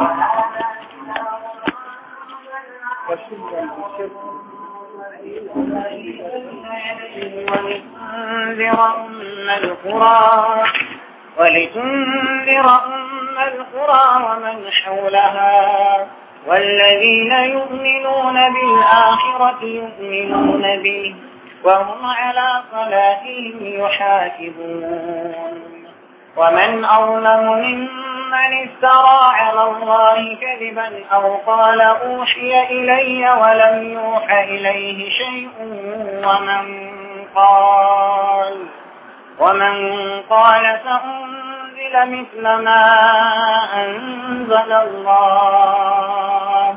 ولتنذر أم القرى ومن حولها والذين يؤمنون بالآخرة يؤمنون به وهم على صلاتهم يحافظون ومن أظلم ممن من افترى على الله كذبا أو قال أوحي إلي ولم يوح إليه شيء ومن قال ومن قال سأنزل مثل ما أنزل الله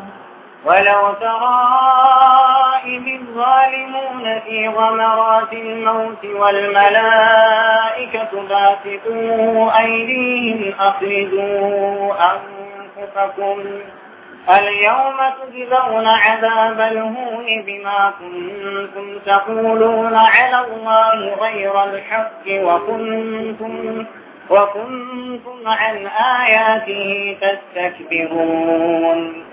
ولو ترى يومئذ الظالمون في غمرات الموت والملائكة باسطوا أيديهم أخرجوا أنفسكم اليوم تجزون عذاب الهون بما كنتم تقولون على الله غير الحق وكنتم وكنتم عن آياته تستكبرون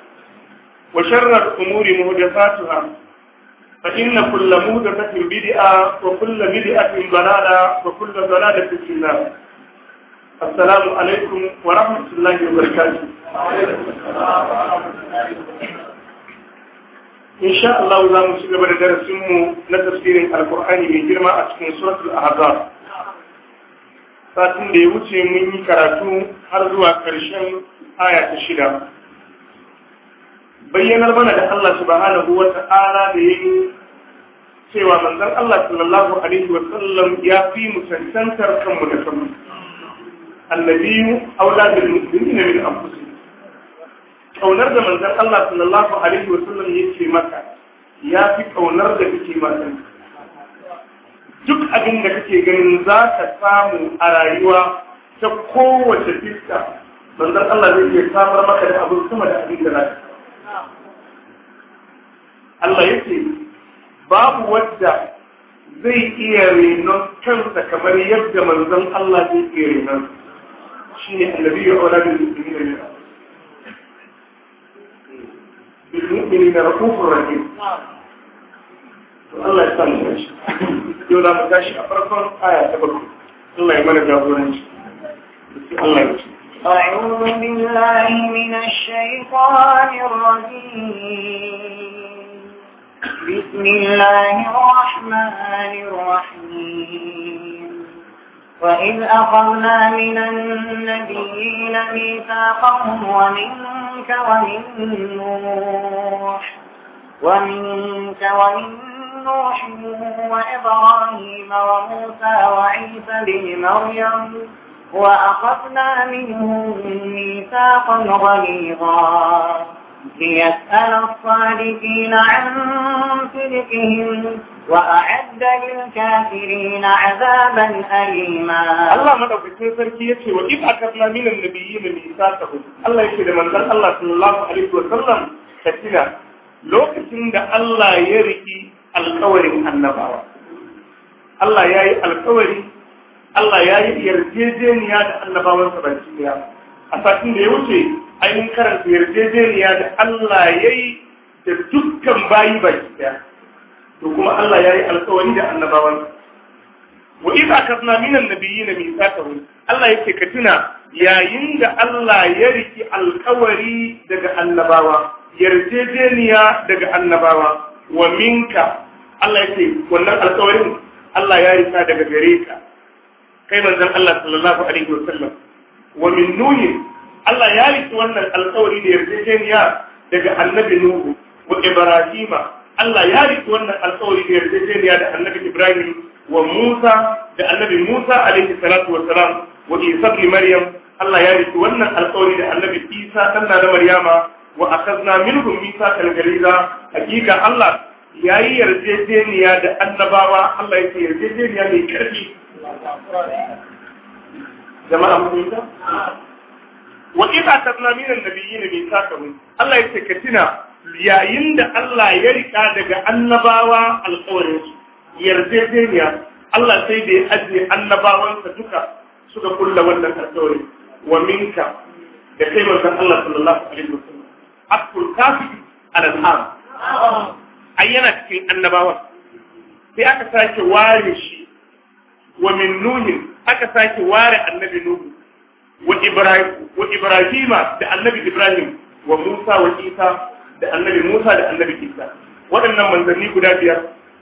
وشر الأمور مهدفاتها فإن كل مهدفة بدعة وكل بدعة ضلالة وكل ضلالة في النار السلام عليكم ورحمة الله وبركاته إن شاء الله لا مسلم بل سمو نتفسير القرآن من جرمى أتكون سورة الأحزاب satin da ya wuce mun yi karatu har zuwa ƙarshen aya ta shida bayyanar mana da Allah subhanahu wa ta'ala da yin cewa manzon Allah sallallahu alaihi wa sallam ya fi mu cancantar kanmu da kanmu annabiyu auladul mu'minina min anfusihim kaunar da manzon Allah sallallahu alaihi wa sallam yake maka ya fi kaunar da kake maka duk abin da kake ganin za ka samu a rayuwa ta kowace fiska manzon Allah zai iya samar maka da abin sama da abin da za ka Allah ya ce babu wadda zai iya renon kansa kamar yadda manzon Allah zai iya renon shi ne annabi ya aula bil mu'minin da bil mu'minin da rahufur rahim to Allah ya samu shi yau za mu tashi a farkon aya ta bakwai Allah ya mana jagoranci Allah ya ce أعوذ بالله من الشيطان الرجيم بسم الله الرحمن الرحيم وإذ أخذنا من النبيين ميثاقهم ومنك ومن نوح ومنك ومن نوح وإبراهيم وموسى وعيسى بن مريم وأخذنا منهم ميثاقا غليظا ليسأل الصادقين عن صدقهم وأعد للكافرين عذابا أليما الله ما دوك كي سركي يتي وإذ أكبنا من النبيين ميثاقهم الله يشهد من ذا الله صلى الله عليه وسلم كتنا lokacin da Allah ya riki alkawarin annabawa Allah ya yi alkawari Allah ya yi yarjejeniya da annabawansa ban cikiya a satin da ya wuce ai mun karanta yarjejeniya da Allah ya yi da dukkan bayi baki daya to kuma Allah ya yi alkawari da annabawan wa idza kasna minan nabiyyin mithaqahum Allah ya ce ka tuna yayin da Allah ya riki alkawari daga annabawa yarjejeniya daga annabawa wa minka Allah ya ce wannan alkawarin Allah ya rika daga gare ka kai manzon Allah sallallahu alaihi wa sallam wa min nuhin Allah ya yi wannan alkawari da yarjejeniya daga annabi Nuhu wa Ibrahima Allah ya yi wannan alkawari da yarjejeniya da annabi Ibrahim wa Musa da annabi Musa alaihi salatu wa salam wa Isa ibn Maryam Allah ya yi wannan alkawari da annabi Isa dan da Maryama wa akhadna minhum mithaqal ghaliza hakika Allah ya yi yarjejeniya da annabawa Allah ya yake yarjejeniya mai karfi jama'a mun wa idza tadna min annabiyyin mithaqahum Allah ya ce ka tina yayin da Allah ya rika daga annabawa alƙawarin su yarjejeniya Allah sai da ya ajiye annabawansa duka suka kulla wannan alƙawari wa minka da kai manzon Allah sallallahu alaihi wasallam akul kafi ala al-am ayyana cikin annabawa sai aka sake ware shi wa min nuhin aka sake ware annabi nuhu wa ibrahima da annabi ibrahim wa musa wa isa da annabi musa da annabi isa waɗannan manzanni guda biyar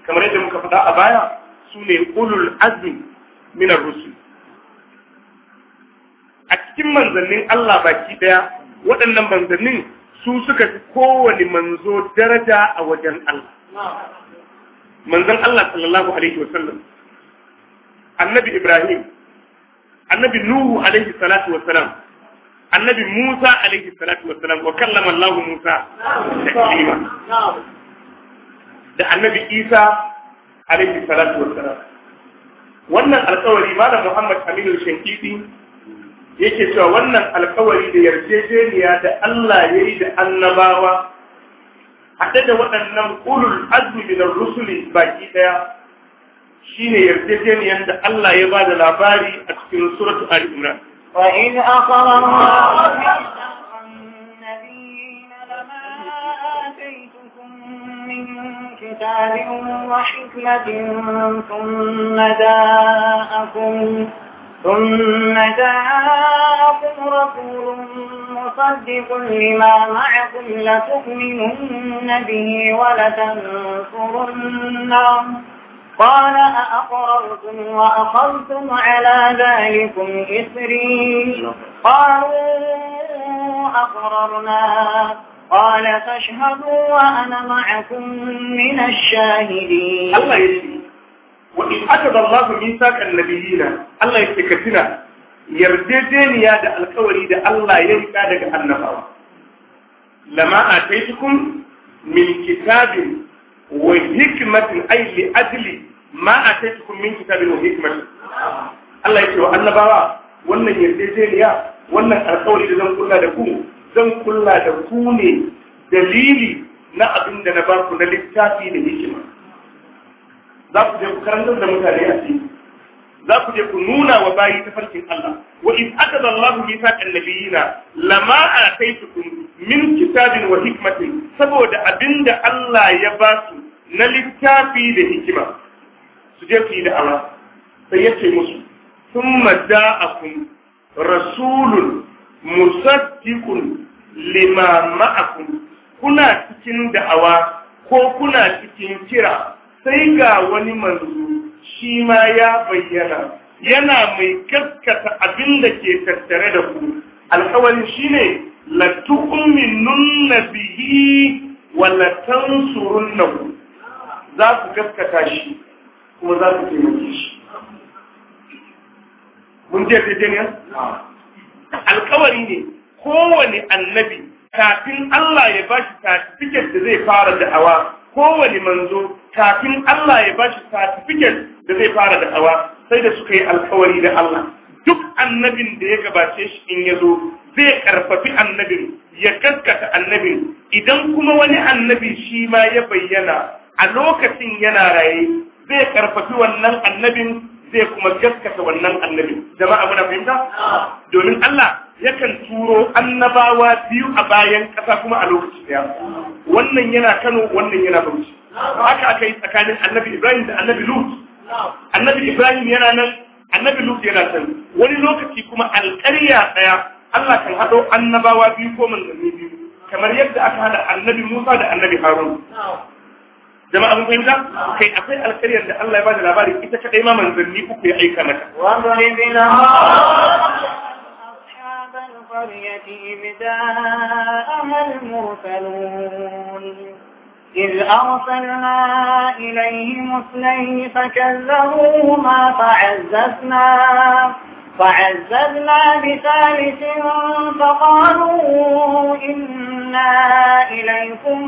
kamar yadda muka faɗa a baya sune ne ulul azmi min rusul a cikin manzannin Allah baki ɗaya waɗannan manzannin su suka fi kowane manzo daraja a wajen Allah manzon Allah Ibrahim annabi nuhu alaihi salatu wassalam annabi musa alaihi salatu wassalam wa kallama allah musa taklima da annabi isa alaihi salatu wassalam wannan alkawari malam muhammad aminu shankiti yake cewa wannan alƙawari da yarjejeniya da allah ya yi da annabawa haɗe da waɗannan ulul azmi min rusuli baki ɗaya shine yarjejeniyar da Allah ya الأباري da سورة آل cikin suratu Ali Imran وإذ أخذ الله النبيين لما آتيتكم من كتاب وحكمة ثم جاءكم ثم جاءكم رسول مصدق لما معكم لتؤمنن به ولتنصرنه قال أأقررتم وأخذتم على ذلكم إسري قالوا أقررنا قال فاشهدوا وأنا معكم من الشاهدين الله وإن أجد الله ميثاق النبيين الله يتكتنا يرددين يا دا القولي دا الله يهدى دا النفاوة لما آتيتكم من كتاب وحكمة أي لأجل ma a sai tukun min kitabin wa hikmati Allah ya ce wa annabawa wannan yarjejeniya wannan alƙawari da zan kulla da ku zan kulla da ku ne dalili na abin da na baku na littafi da hikima za ku je ku karantar da mutane a cikin za ku je ku nuna wa bayi ta farkin Allah wa in aka zallahu Allah mithaqan nabiyina lama ataitukum min kitabin wa hikmatin saboda abinda Allah ya ba su na littafi da hikima su je su yi da sai ya ce musu sun madda'akun rasulun musaddiqun lima Ku kuna cikin da'awa ko kuna cikin kira sai ga wani manzo shi ma ya bayyana yana mai gaskata abin da ke tattare da ku alkawarin shi ne na bihi wa latansurunnahu za ku gaskata shi kuma za ka taimake shi mun je da ne alkawari ne kowane annabi kafin Allah ya bashi satifiket da zai fara da awa, kowane manzo kafin Allah ya bashi satifiket da zai fara da awa sai da suka yi alkawari da Allah duk annabin da ya gabace shi in ya zo zai karfafi annabin ya gaskata annabin idan kuma wani annabi shi ma ya bayyana a lokacin yana raye zai karfafi wannan annabin zai kuma gaskata wannan annabin jama'a muna fahimta domin Allah yakan turo annabawa biyu a bayan ƙasa kuma a lokaci ɗaya, wannan yana Kano wannan yana Bauchi haka aka yi tsakanin annabi Ibrahim da annabi Lut annabi Ibrahim yana nan annabi Lut yana can wani lokaci kuma alƙarya ɗaya Allah kan haɗo annabawa biyu ko manzanni biyu kamar yadda aka haɗa annabi Musa da annabi Harun jama'a mun fahimta kai akwai alkariyar da Allah ya bada labari ita kadai ma manzanni uku ya aika mata القرية إذ جاءها المرسلون إذ أرسلنا إليهم اثنين فكذبوهما فعززنا فعززنا بثالث فقالوا إنا إليكم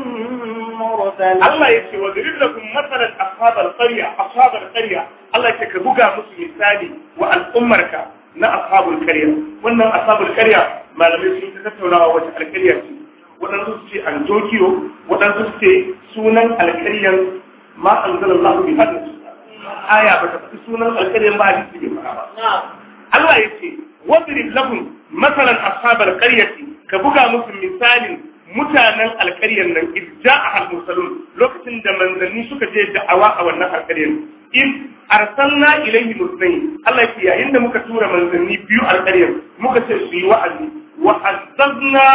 مرسلون الله يسي وضرب لكم مثلا أصحاب القرية أصحاب القرية الله يسي كبقى مسلم الثاني والأمرك نا أصحاب القرية وأن أصحاب القرية ما لم يسي تتتونا وجه القرية waɗansu su ce an jokiyo waɗansu su ce sunan alkariyar ma an zala Allah bi hadin aya ba ta fi sunan alkariyar ba a ba Allah ya ce wadrib lahum masalan ashabal qaryati ka buga musu misalin mutanen alƙaryar nan in ja a mursalun lokacin da manzanni suka je da'awa a wannan alƙaryar in arsalna ilaihi mursalin Allah ya yayin da muka tura manzanni biyu alƙaryar muka ce su yi wa'azi wa azzazna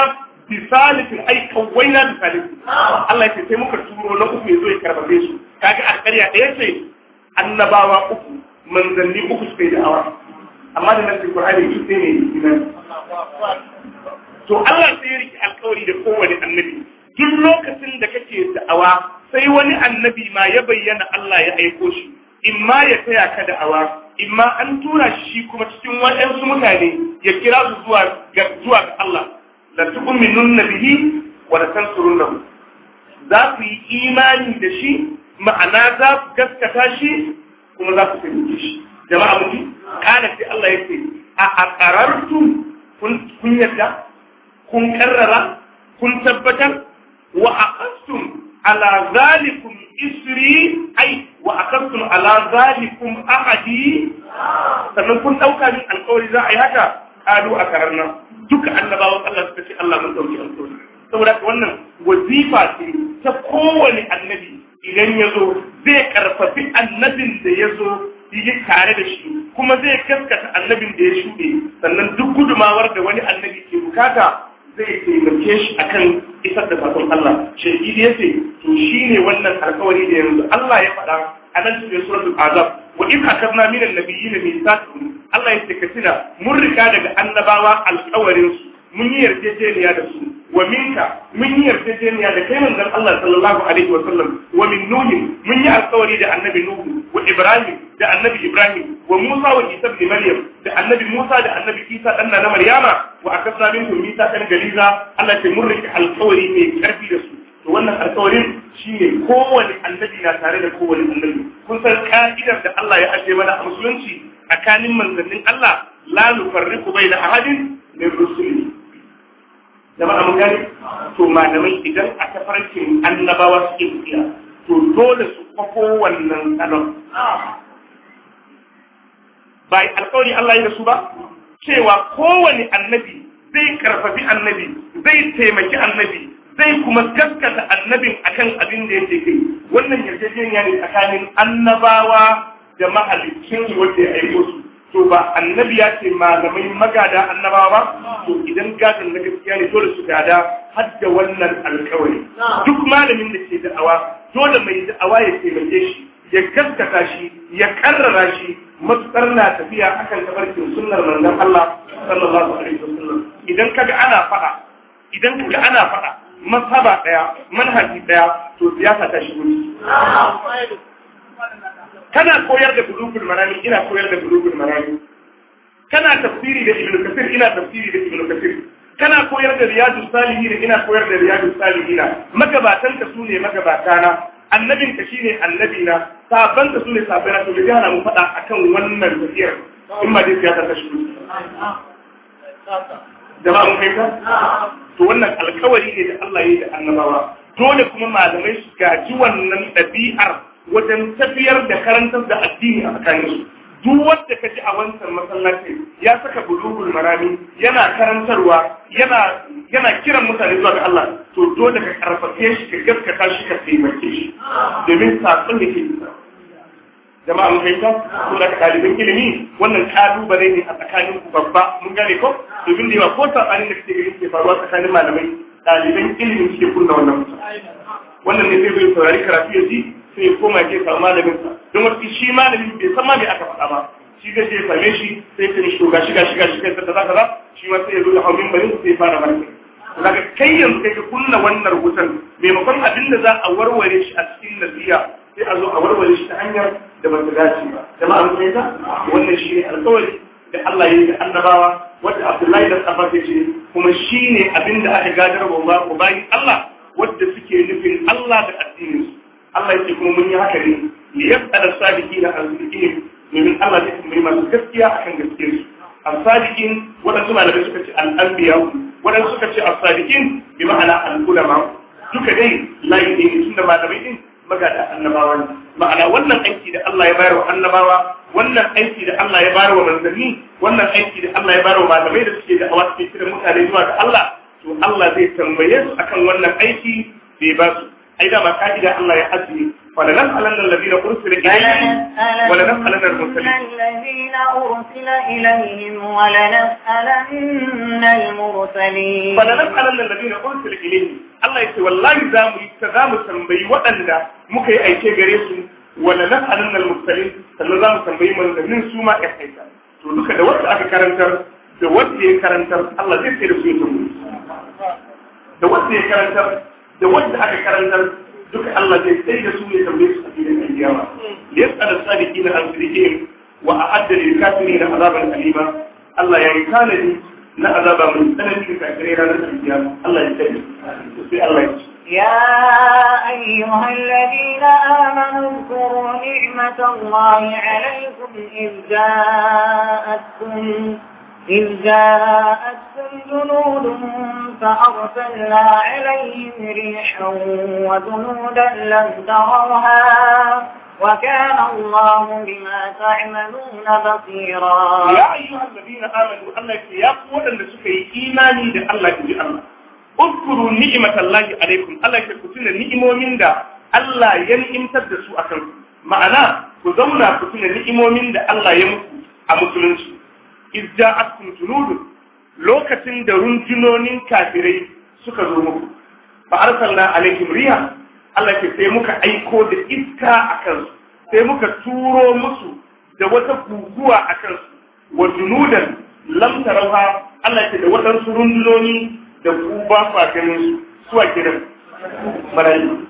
bisalitin ai kawaina bisalitin Allah ya sai muka turo na uku yazo ya karbabe su kaga alƙarya ɗaya ce annabawa uku manzanni uku suka yi da'awa amma da nan Qur'ani shi sai ne imani to Allah sai ya riki alƙawari da kowane annabi duk lokacin da kake da'awa sai wani annabi ma ya bayyana Allah ya aiko shi in ma ya taya ka da'awa in ma an tura shi kuma cikin waɗansu mutane ya kira su zuwa ga zuwa ga Allah la tu'minunna bihi wa la tansurunnahu za ku yi imani da shi ma'ana za ku gaskata shi kuma za ku fahimci shi jama'a mutum kana sai Allah ya ce a aqarartum kun kun yadda kun karrara kun tabbatar wa aqastum ala zalikum isri ai wa aqastum ala zalikum ahadi sannan kun dauka min alƙawari za a yi haka kalu a kararna duka annabawan Allah suka ce Allah mun dauki alƙawari saboda wannan wazifa ce ta kowane annabi idan ya zo zai karfafi annabin da ya zo yi tare da shi kuma zai gaskata annabin da ya shuɗe sannan duk gudumawar da wani annabi ke bukata zai taimake shi akan isar da sakon Allah shahidi ya ce to shine wannan alkawari da yanzu Allah ya faɗa a nan cikin suratul azab wa in akadna min annabiyyin mithaqan Allah ya ce mun riga daga annabawa alƙawarin su mun yi yarjejeniya da su wa minka mun yi yarjejeniya da kai manzon Allah sallallahu alaihi wa sallam wa min nuhi mun yi alƙawari da annabi nuhu wa ibrahim da annabi ibrahim wa musa wa isa ibn maryam da annabi musa da annabi isa dan na maryama wa akasna minkum mithaqan galiza Allah ya murrika alƙawari mai karfi da su to wannan alƙawarin shine kowane annabi na tare da kowane annabi kun san ka'idar da Allah ya ajiye mana a musulunci tsakanin manzannin Allah la nufarriqu baina ahadin min rusuli jama'a mun gani to malamai idan a tafarkin annabawa suke tafiya to dole su kwafo wannan salon ba alkawari Allah ya da su ba cewa kowane annabi zai karfafi annabi zai taimaki annabi zai kuma gaskata annabin akan abin da yake kai wannan yarjejeniya ne tsakanin annabawa da mahalicin wanda ya aiko su to ba annabi ya ce malamai magada annabawa ba to idan gadin na gaskiya ne dole su gada har da wannan alkawari duk malamin da ke da'awa dole mai da'awa ya taimake shi ya gaskata shi ya karrara shi matuƙar na tafiya akan tabarkin sunnar manzon Allah sallallahu alaihi wasallam idan kaga ana faɗa idan kaga ana faɗa masaba daya manhaji daya to siyasa ta shigo kana koyar da bulugul marami ina koyar da bulugul marami kana tafsiri da ibnu kasir ina tafsiri da ibnu kasir kana koyar da riyadu salihin ina koyar da riyadu salihin magabatan ka sune magabatana annabin ka shine annabina sabban ka sune sabbana to da hana mu faɗa akan wannan tafiyar in ma dai siyasa ta shiru jama'a mun ka? to wannan alkawari ne da Allah ya yi da annabawa dole kuma malamai su gaji wannan ɗabi'ar wajen tafiyar da karantar da addini a tsakanin duk wanda ka ji a wancan masallacin ya saka bulugul marami yana karantarwa yana yana kiran mutane zuwa ga Allah to dole ka karfafe shi ka gaskata shi ka taimake shi domin sakon da ke nisa jama'a mun fahimta to da ɗaliban ilimi wannan kalubale ne a tsakanin babba mun gane ko domin da yawa ko sabanin da ke gani ke faruwa tsakanin malamai ɗaliban ilimi suke kunna wannan mutum wannan ne zai zo saurari karatu ya ji sai koma ke samu malamin sa don wasu shi malamin bai san ma aka faɗa ba shi zai je same shi sai ta shi gashi gashi gashi kai ta zaka za shi ma sai ya zo da haumin barin sai ya fara barke daga kai yanzu kai ka kunna wannan wutan maimakon abin da za a warware shi a cikin nasiya sai a zo a warware shi ta hanyar da ba ta dace ba jama'a mun fahimta wannan shi ne alƙawari da Allah ya yi da annabawa wanda Abdullahi da Abbas ya ce kuma shi ne abin da aka gadar ba bayin Allah wadda suke nufin Allah da addinin su Allah ya ce kuma mun yi haka ne li yabda sadiqin an sadiqin domin Allah zai tambayi masu gaskiya a kan gaskiyar su as-sadiqin wadansu malamai suka ce al-anbiya wadansu suka ce as-sadiqin bi ma'ana al-ulama duka dai layi ne da malamai din magada annabawa ne ma'ana wannan aiki da Allah ya bayar wa annabawa wannan aiki da Allah ya bayar wa manzanni wannan aiki da Allah ya bayar wa malamai da suke da awa suke kiran mutane zuwa ga Allah to Allah zai tambaye su akan wannan aiki da ya ba su ai da ba ka'ida Allah ya ajiye wala nan alanna alladhina ursila ilayhim wala nan alanna al-mursalin alladhina ursila ilayhim wala nan alanna al-mursalin wala nan alanna alladhina ursila ilayhim Allah yace wallahi za mu ta za mu tambayi waɗanda muka yi aike gare su wala nan alanna al sannan za mu tambayi manzannin su ma ya to da aka karantar da karantar Allah da da karantar da wanda aka karantar duka Allah zai sai da su ya tambaye su a filin aljiyawa da ya tsara sadiki na alfirike wa a addalin kafiri na azabar alima Allah ya yi tanadi na azaba mai tsananin kafirai ranar aljiyawa Allah ya sai sai Allah ya ci يا أيها الذين آمنوا اذكروا نعمة الله عليكم إذ جاءتكم إذ جاءتهم جنود فأرسلنا عليهم ريحا وجنودا لم تروها وكان الله بما تعملون بصيرا يا أيها الذين آمنوا أنك يقول أن سكي إيماني لألك بألك اذكروا نعمة الله عليكم الله يكتنا نعمومين دا الله ينعم تدسوا أكم معناه ku zauna ku tuna ni'imomin da Allah ya muku a musulunci idda akum junudun lokacin da rundunonin kafirai suka zo muku fa arsalna alaikum riha Allah ke sai muka aiko da iska a kansu sai muka turo musu da wata guguwa a kansu wa junudan lam tarauha Allah ke da waɗansu rundunoni da ku ba ku ganin su suwa gidan marayu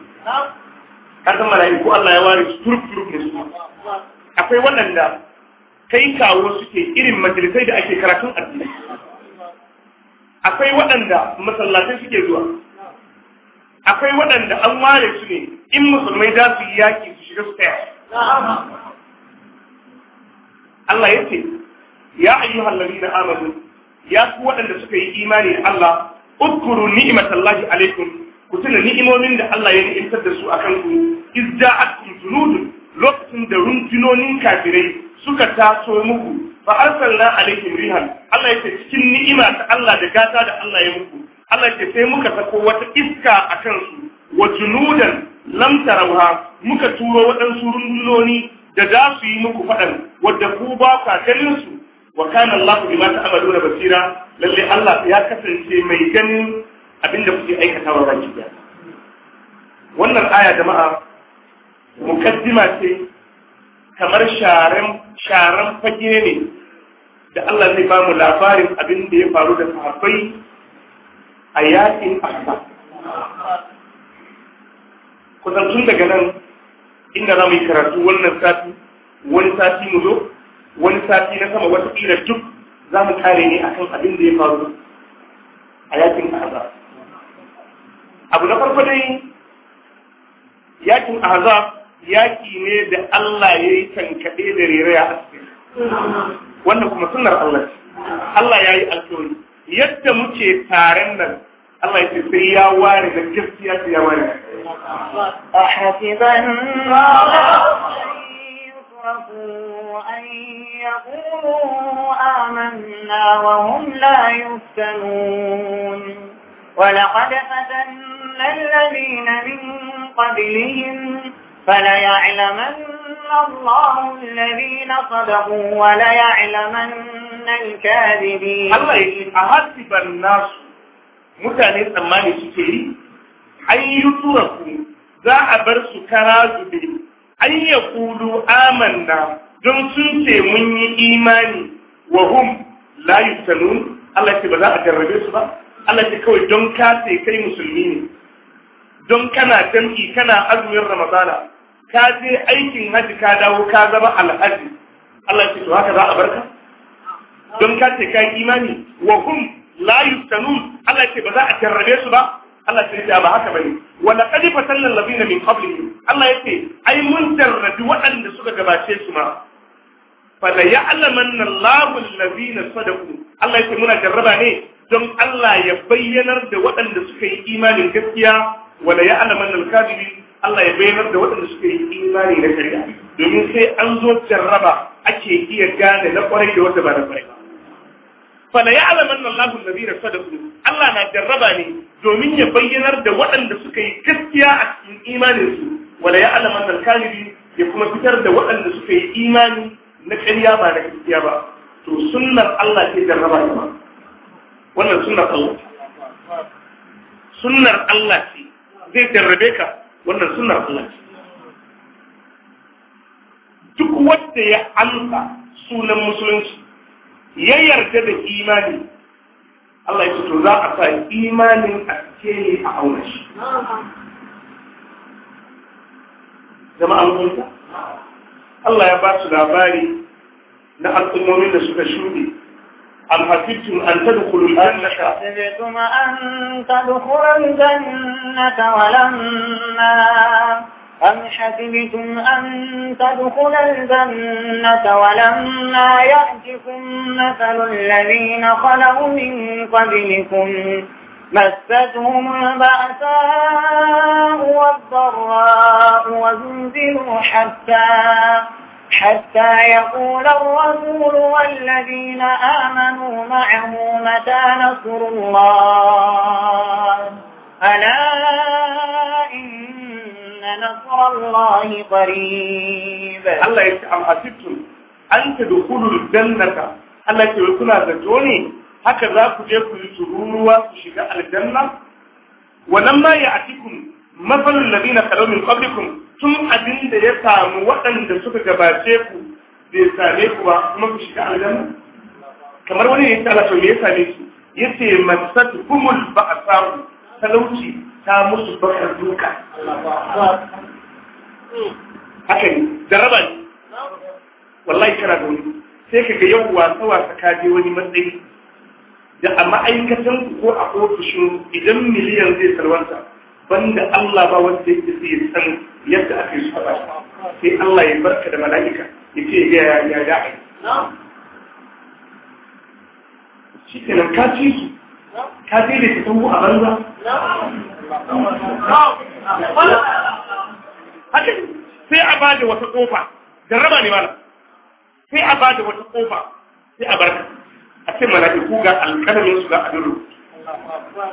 kasan marayu ko Allah ya ware su turuk turuk ne su akwai wannan da. kai kawo suke irin majalisai da ake karatun addini akwai waɗanda masallatai suke zuwa akwai waɗanda an ware su ne in musulmai za su yi yaƙi su shiga su tsaya Allah ya ce ya ayyuhal na amadu, ya ku waɗanda suka yi imani da Allah udkuru ni'matallahi alaikum ku tuna ni'imomin da Allah ya ni'imtar da su akan ku iz lokacin da runtunonin kafirai suka taso muku fa arsalna alaihim rihan Allah yake cikin ni'ima ta Allah da gata da Allah ya muku Allah yake sai muka sako wata iska a kansu wa junudan lam tarawha muka turo waɗansu rundunoni da za su yi muku faɗan wadda ku ba ka ganin su wa kana Allah bima ta'maluna basira lalle Allah ya kasance mai ganin abinda kuke aikatawa baki da wannan aya jama'a mukaddima ce kamar sharan fage ne da Allah zai ba mu labarin abin da ya faru da sahabbai a yakin ahsa kusan tun daga nan inda za mu yi karatu wannan sati wani sati mu zo wani sati na sama wata ƙira duk za mu kare ne akan abin da ya faru a yakin ahsa abu na farko dai yakin ahzab yaki ne da Allah ya yi tankaɗe da rere a haske. wannan kuma sunar Allah ce Allah ya yi alkawari yadda muke taren nan Allah ya ce sai ya ware da gaskiya ta ya ware آمنا وهم لا يفتنون ولقد فتنا الذين من قبلهم فليعلمن الله الذين صدقوا وليعلمن الكاذبين الله يقول أحسب الناس mutane tsammani suke yi an yi ku za a bar su kara zube an ya kulu amanna don sun ce mun yi imani wa hum la yuftanun Allah ce ba za a jarrabe su ba Allah ce kawai don ka kai musulmi ne don kana jam'i kana azumin ramadana ka je aikin haji ka dawo ka zama alhaji Allah ce to haka za a barka don ka ce ka imani wa hum la yuftanun Allah ce ba za a jarrabe su ba Allah ce ya ba haka bane wa laqad fatanna allazina min qablihim Allah yace ai mun tarrabi waɗanda suka gabace su ma fa la ya'lamanna Allahu allazina sadaqu Allah yace muna jarraba ne don Allah ya bayyanar da waɗanda suka yi imanin gaskiya wa la ya'lamanna al-kadhibin Allah ya bayyana da waɗanda suka yi imani na shari'a domin sai an zo jarraba ake iya gane na kwarai da wanda ba na kwarai ba fala ya alaman nan lahun nabi da Allah na jarraba ne domin ya bayyanar da waɗanda suka yi gaskiya a cikin imaninsu wala ya alaman nan kalibi ya kuma fitar da waɗanda suka yi imani na ƙarya ba da gaskiya ba to sunnar Allah ke jarraba ne ba wannan sunnar Allah sunnar Allah ce zai jarrabe ka wannan suna Allah ce duk wanda ya amsa sunan musulunci ya yarda da imani Allah ya ce to za a sa imanin a cikin a auna shi Zama gunta Allah ya ba su labari na al'ummomin da suka shuɗe أم حسبتم أن تدخلوا الجنة حسبتم أن تدخلوا الجنة ولما أم حسبتم أن تدخل الجنة ولما يأتكم مثل الذين خلوا من قبلكم مستهم البأساء والضراء وزلزلوا حتى حتى يقول الرسول والذين آمنوا معه متى نصر الله ألا إن نصر الله قريب الله يتعلم أسبتم أنت دخول الجنة الله يتعلم زجوني هكذا كجيكم تروروا وشكاء الجنة ولما يأتيكم مثل الذين خلوا من قبلكم tun abin da ya samu waɗanda suka gabace ku bai same ku ba kuma ku shiga aljanna kamar wani ne ta Allah me ya same su yace masat kumul samu, talauci ta musu bakar duka haka ne jaraba ne wallahi kana da wani sai ka ga yau wasa wasa ka je wani matsayi da a ma'aikatan ko a ofishin idan miliyan zai salwanta banda Allah ba wanda yake sai san yadda aka yi ba sai Allah ya barka da mala'ika ya ce ya ya ya ai shi ke nan ka ci su ka je da fitan a banza haka sai a ba da wata kofa jarraba ne mana sai a ba da wata kofa sai a barka a ce mala'iku ga alƙalamin su ga adulu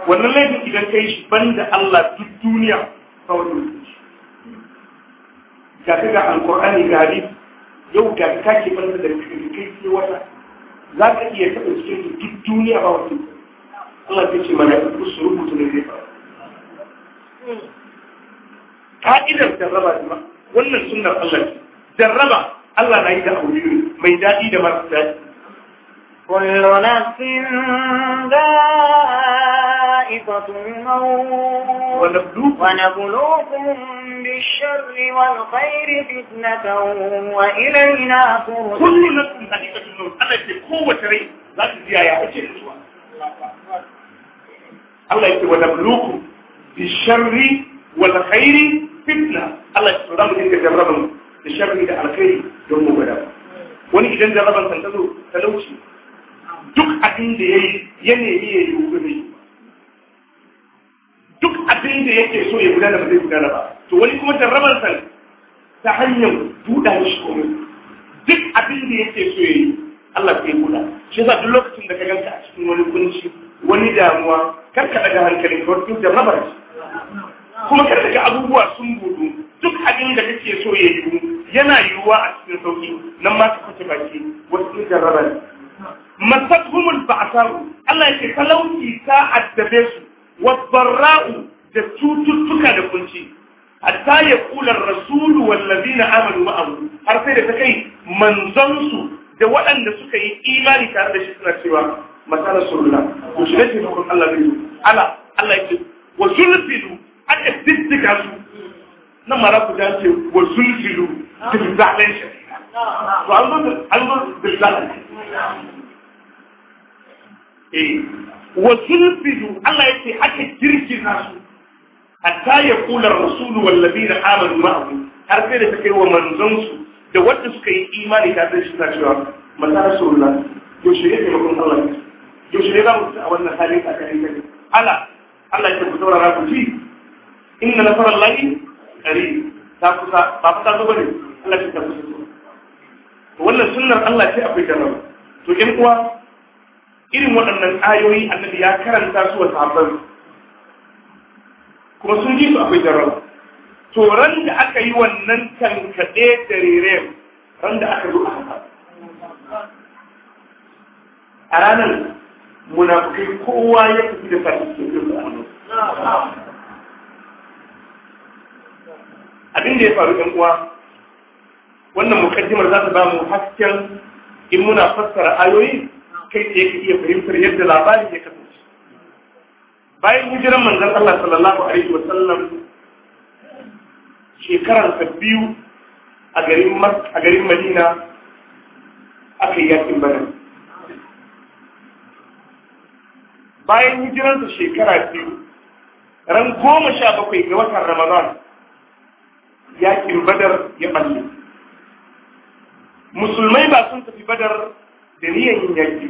wannan laifin idan yi shi da Allah duk duniya ba wani mutum ga kaga alqur'ani ga yau ga ka ke banda da kai sai wata za ka iya taɓa cikin duk duniya ba wani Allah ta ce mana ku su rubuta ne zai faru ka'idar jarraba wannan sunnar Allah jarraba Allah na yi da aure mai daɗi da marasa daɗi كل نفس ذائقة الموت ونبلوكم بالشر والخير فتنة وإلينا ترجعون كل نفس الموت قوة لا تزيع يا أجل الله ونبلوكم بالشر والخير فتنة الله يقول ربنا إنك جربنا والخير يوم مبارك وني إذا جربنا تنتظر تلوشي duk abin da ya yi ya yi ya yi wuri duk abin da yake so ya gudana ba zai gudana ba to wani kuma jarrabar sa ta hanyar buɗa shi komai duk abin da yake so ya yi Allah ya buɗa shi yasa duk lokacin da ka ganka a cikin wani kunci wani damuwa kar ka daga hankalin ka wani jarrabar shi mutlaqan eh wa sulbidu Allah ya yace haka girgiza su hatta ya kula rasulu wal ladina amanu ma'ahu har sai da take wa manzon su da wanda suka yi imani ta sai shi ta cewa manzon rasulullah to shi yake mun Allah to shi ba mu a wannan halin a kan kai ala Allah ya ce ku saurara ku ci inna nasarallahi qarib ta kusa ba ta zo bane Allah ya ce ta kusa wannan sunnar Allah ce akwai jarraba to in kuwa irin waɗannan ayoyi annabi ya karanta su wa sahabban kuma sun ji su akwai jarraba to ran da aka yi wannan tankaɗe da rere ran da aka zo a haka a ranar munafukai kowa ya fi da sarfin da ke abin da ya faru ɗan uwa wannan mukaddimar za ta ba mu hasken in muna fassara ayoyi kai da yake iya fahimtar yadda labarin ya kasance bayan hijiran manzon Allah sallallahu alaihi wa sallam shekaran sa biyu a garin Madina aka yi yakin Badar bayan hijiransa shekara biyu ran goma sha bakwai ga watan Ramadan yakin Badar ya balle musulmai ba sun tafi badar da niyan yin yaki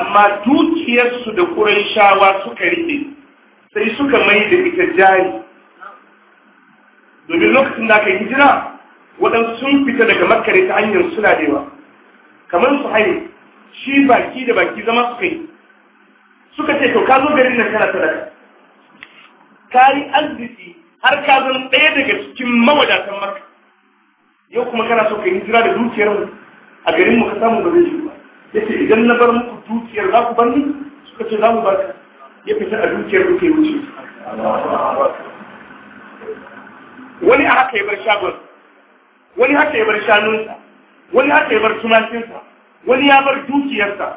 amma dukiyarsu da shawa suka rike sai suka mai da ita jari domin lokacin da aka hijira waɗansu sun fita daga makare ta hanyar suna dewa kamar su haini shi baki da baki zama suka yi suka ce to ka zo garin nan kana sadaka ka yi arziki har ka zan ɗaya daga cikin mawadatan maka yau kuma kana so ka yi hijira da dukiyar mu a garin mu ka samu ba zai yi ba yace idan na bar muku dukiyar za ku bar ni suka ce za mu baka ya fita a dukiyar ku kai wuce wani a haka ya bar shagon wani haka ya bar shanunsa wani haka ya bar tumakinsa wani ya bar dukiyarsa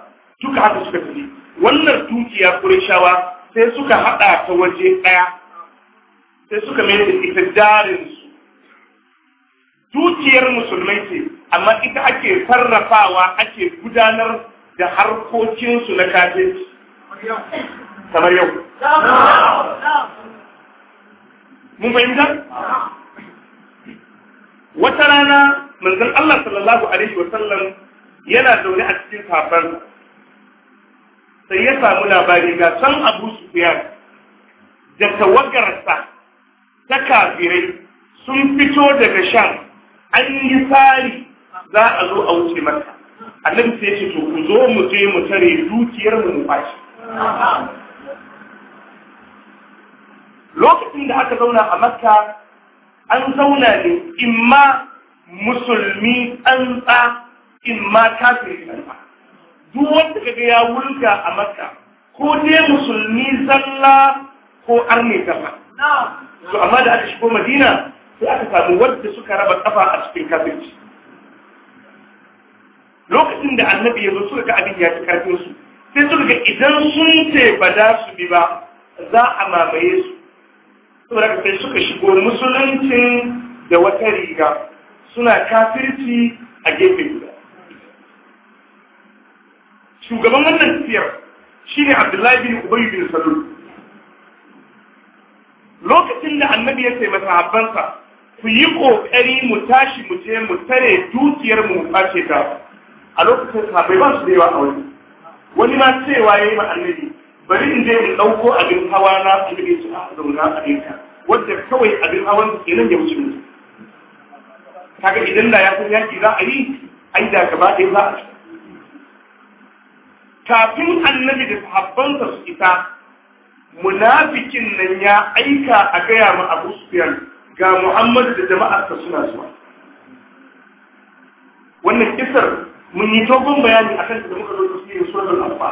duka haka suka tafi wannan dukiya kurishawa sai suka haɗa ta waje ɗaya sai suka mai da ita darinsu dukiyar musulmai ce amma ita ake sarrafawa ake gudanar da harkokinsu na kafirci kamar yau mun fahimta wata rana manzon Allah sallallahu alaihi wa sallam yana zaune a cikin kafar, sai ya samu labari ga san Abu Sufyan da tawagarsa ta kafirai sun fito daga Sham an yi tsari za a zo a wuce maka annabi sai ce to ku zo mu je mu tare dukiyar mu fashi lokacin da aka zauna a makka an zauna ne imma musulmi tsantsa imma kafiri tsantsa duk wanda kaga ya wulga a makka ko dai musulmi zalla ko arne zalla to amma da aka shigo madina sai aka samu wanda suka raba kafa a cikin kafirci lokacin da annabi ya zo suka ga abin ya ci karfin su sai suka ga idan sun ce ba za su bi ba za a mamaye su saboda haka sai suka shigo musuluncin da wata riga suna kafirci a gefe guda shugaban wannan tafiyar shine Abdullahi bin Ubay bin Salul lokacin da annabi ya a masahabbansa ku yi ƙoƙari mu tashi mu je mu tare dukiyar mu ɓace ta a lokacin sahabbai ba su da yawa a wani wani ma cewa ya yi ma annabi bari in je in ɗauko abin hawa na abin su ci a zauna a ɗinka wadda kawai abin hawan kenan ya wuce mutu kaga idan da ya san yaƙi za a yi ai da gaba ɗaya za a ci kafin annabi da sahabbansa su isa munafikin nan ya aika a gaya ma abu sufiyan ga Muhammadu da jama'arsa suna zuwa wannan kisar mun yi dogon bayani akan da muka zo tafsirin suratul ba.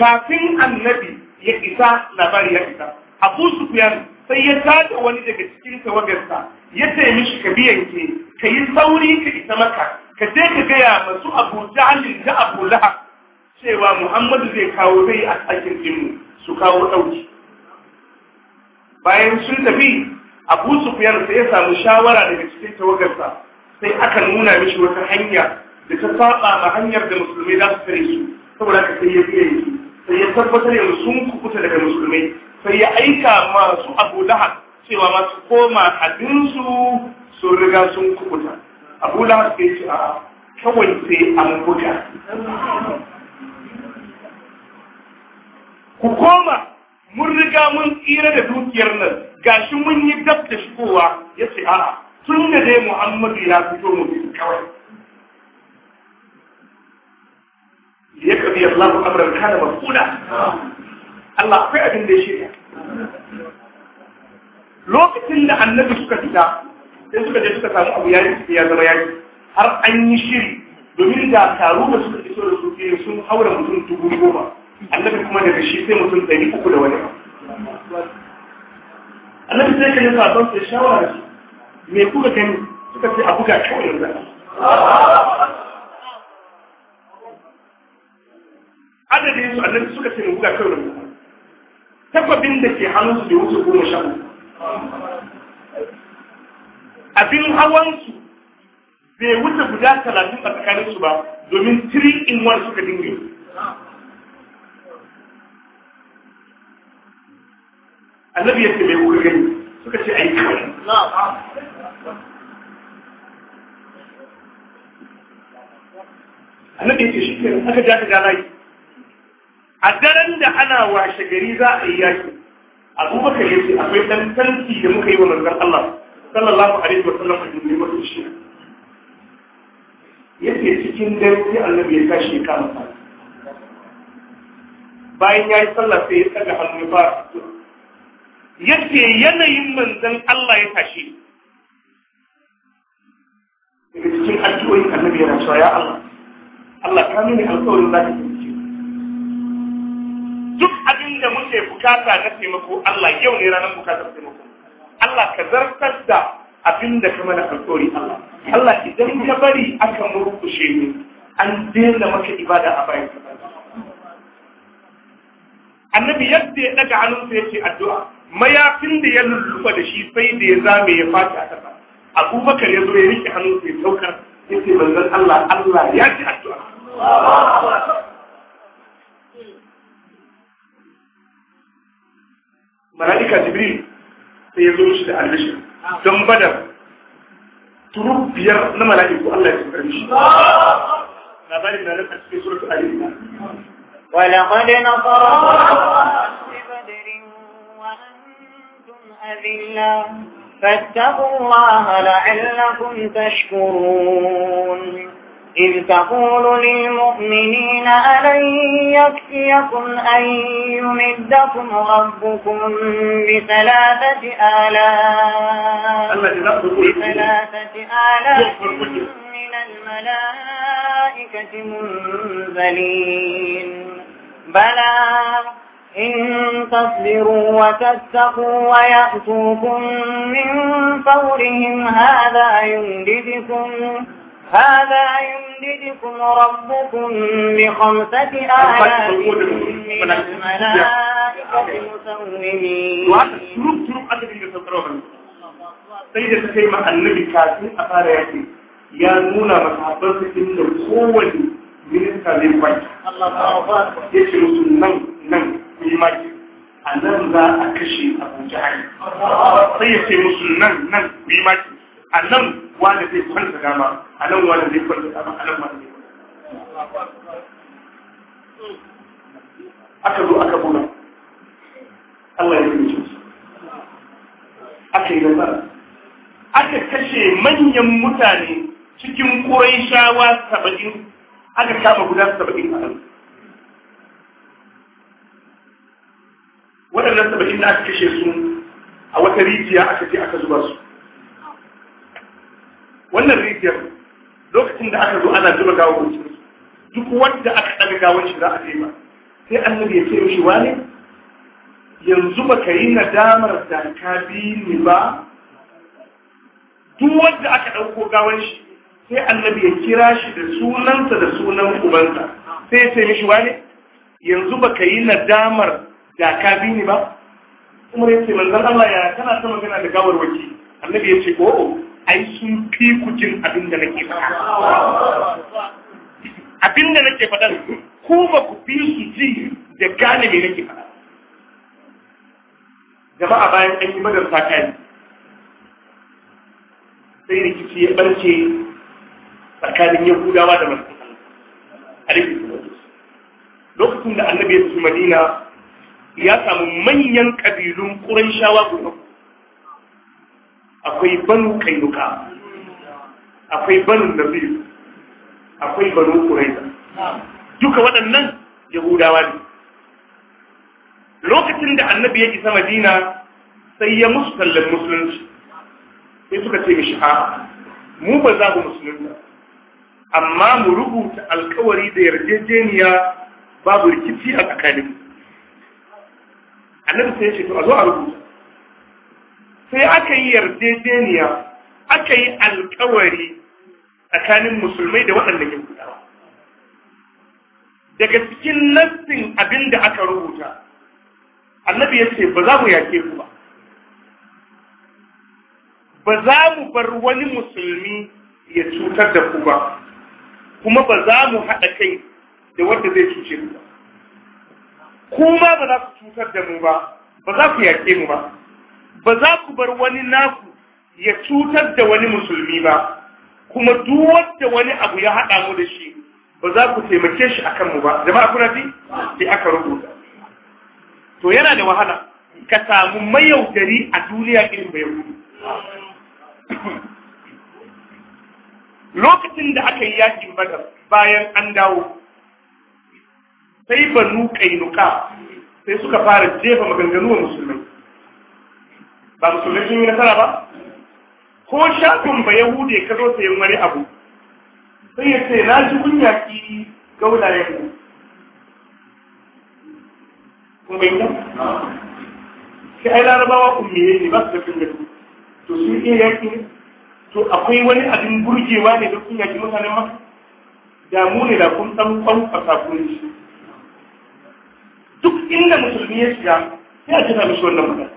kafin annabi ya isa labari ya isa abu sufyan sai ya tada wani daga cikin tawagarsa ya ce mishi ka biyanke ka yi sauri ka isa maka ka je ka gaya masu abu jahalin da abu lahab cewa muhammadu zai kawo zai a tsakin jinmu su kawo ɗauki bayan sun tafi abu fiyar sai ya samu shawara daga cikin tawagarsa sai aka nuna mishi wata hanya da ta saba ma hanyar da musulmai za su tare su saboda ka sai ya fiye yi sai ya tabbatar yanzu sun kukuta daga musulmai sai ya aika masu abu lahab cewa masu koma su sun riga sun kukuta abu lahab sai ce a kawai sai an buga ku koma mun riga mun tsira da dukiyar nan gashi mun yi dab da shigowa ya ce a'a tun da dai Muhammadu ya fito mu bi kawai ya kabi Allah amran kana mafuda Allah akwai abin da ya shirya lokacin da annabi suka fita sai suka je suka samu abu yayi suke ya zama yayi har an yi shiri domin da taro da suka fito da su sun haura mutum dubu goma annabi kuma daga shi sai mutum ɗari uku da wani annabi sai ka yi sa'adon sai shawara shi me kuka gani suka ce a buga kyau yanzu adadin su annabi suka ce mai buga kyau yanzu tabbabin da ke hannun su bai wuce goma sha abin hawansu bai wuce guda talatin a tsakaninsu ba domin 3 in 1 suka dinga annabi ya ce mai kuka gani suka ce a yi kawai annabi ya ce shi kenan aka ja ta gana yi a daren da ana washe gari za a yi yaki abubakar ya ce akwai ɗan tanti da muka yi wa manzon Allah sallallahu alaihi wa sallam a duniya masu shi ya ce cikin dare sai annabi ya tashi ya kama bayan ya yi sallah sai ya tsaga hannu ya fara yake yanayin manzan Allah ya tashi daga cikin addu'o'i annabi yana cewa ya Allah Allah ka nuna alƙawarin za ka ce. duk abin da muke bukata na taimako Allah yau ne ranar bukatar taimako Allah ka zartar da abin da ka mana alƙawari Allah Allah idan ka bari aka murkushe ni an daina maka ibada a bayan ka annabi yadda ya daga hannunsa yake addu'a mayafin da ya lullufa da shi sai da ya zame ya fashi a ƙasa abubakar ya zo ya rike hannu sai saukar ya ce banzan Allah Allah ya ji addu'a mala'ika jibril sai ya zo shi da albishir don badar turub biyar na mala'iku Allah ya tsokar shi labarin da na cikin suratul alif ولقد نصر فاتقوا الله لعلكم تشكرون إذ تقول للمؤمنين ألن يكفيكم أن يمدكم ربكم بثلاثة آلاف بثلاثة آلاف من الملائكة منزلين بلى إن تصبروا وتتقوا ويأتوكم من فورهم هذا يمددكم هذا يمددكم ربكم بخمسة آلاف من الملائكة مسومين sai da suka yi ma annabi kafin a fara yaki ya nuna masahabar su inda kowane minista zai kwanci ya ce musu nan nan ku yi maki a nan za a kashe abu jihari sai ya ce musu nan nan ku yi maki a nan wani zai kwanta dama a nan wani zai kwanta dama a nan wani zai kwanta aka zo aka bula Allah ya yi su aka yi nasara aka kashe manyan mutane cikin kurai shawa saba'in aka kama guda saba'in a nan waɗannan saba'in da aka kashe su a wata rijiya aka ce aka zuba su wannan rijiyar lokacin da aka zo ana zuba gawawancin su duk wanda aka ɗaga gawan shi za a kai ba sai annabi ya ce mishi wane yanzu ba ka yi nadamar da ka bi ni ba duk wanda aka ɗauko gawan sai annabi ya kira shi da sunansa da sunan ubansa sai ce mishi wane yanzu baka yi nadamar da ka bi ba umar ya ce manzan Allah ya kana ta magana da gawar waki annabi ya ce ko'o oh, ai sun fi ku abin da nake faɗa abin da nake faɗa ku ba ku fi su ji da gane me nake faɗa jama'a bayan an yi madar ta kai sai rikici ya barke tsakanin yahudawa da masu lokacin da annabi ya tafi madina ya samu manyan ƙabilun ƙurayshawa guda akwai banu kainuka akwai banu nabiyu akwai banu ƙuraiza duka waɗannan yahudawa ne lokacin da annabi ya isa madina sai ya musu tallan musulunci sai suka ce mishi a mu ba za mu musulunta amma mu rubuta alkawari da yarjejeniya babu rikici a tsakanin annabi sai ce to a zo a rubuta sai aka yi yarjejeniya aka yi alkawari tsakanin musulmai da waɗannan yahudawa daga cikin nassin abin da aka rubuta annabi ya ce ba za mu yake ku ba ba za mu bar wani musulmi ya cutar da ku ba kuma ba za mu haɗa kai da wanda zai cuce mu ba kuma ba za ku cutar da mu ba ba za ku yaƙe mu ba ba za ku bar wani naku ya cutar da wani musulmi ba kuma duk wanda wani abu ya haɗa mu da shi ba za ku taimake shi akan mu ba jama'a kuna fi, sai aka rubuta to yana da wahala ka samu mayaudari a duniya irin bai lokacin da aka yi yakin badar bayan an dawo sai banu kainuka sai suka fara jefa maganganu wa musulmai ba musulmi sun yi nasara ba ko shafin ba hude, ka zo sayan wani abu sai ya ce na ji kunya ki gaulayen ku kun bai ta sai ai larabawa ummiye ne ba su da kun to sun iya yakin to akwai wani abin burgewa ne da kun yaki mutanen maka da mu ne da kun san kwankwasa kun shi duk inda musulmi ya shiga sai a jefa mishi wannan magana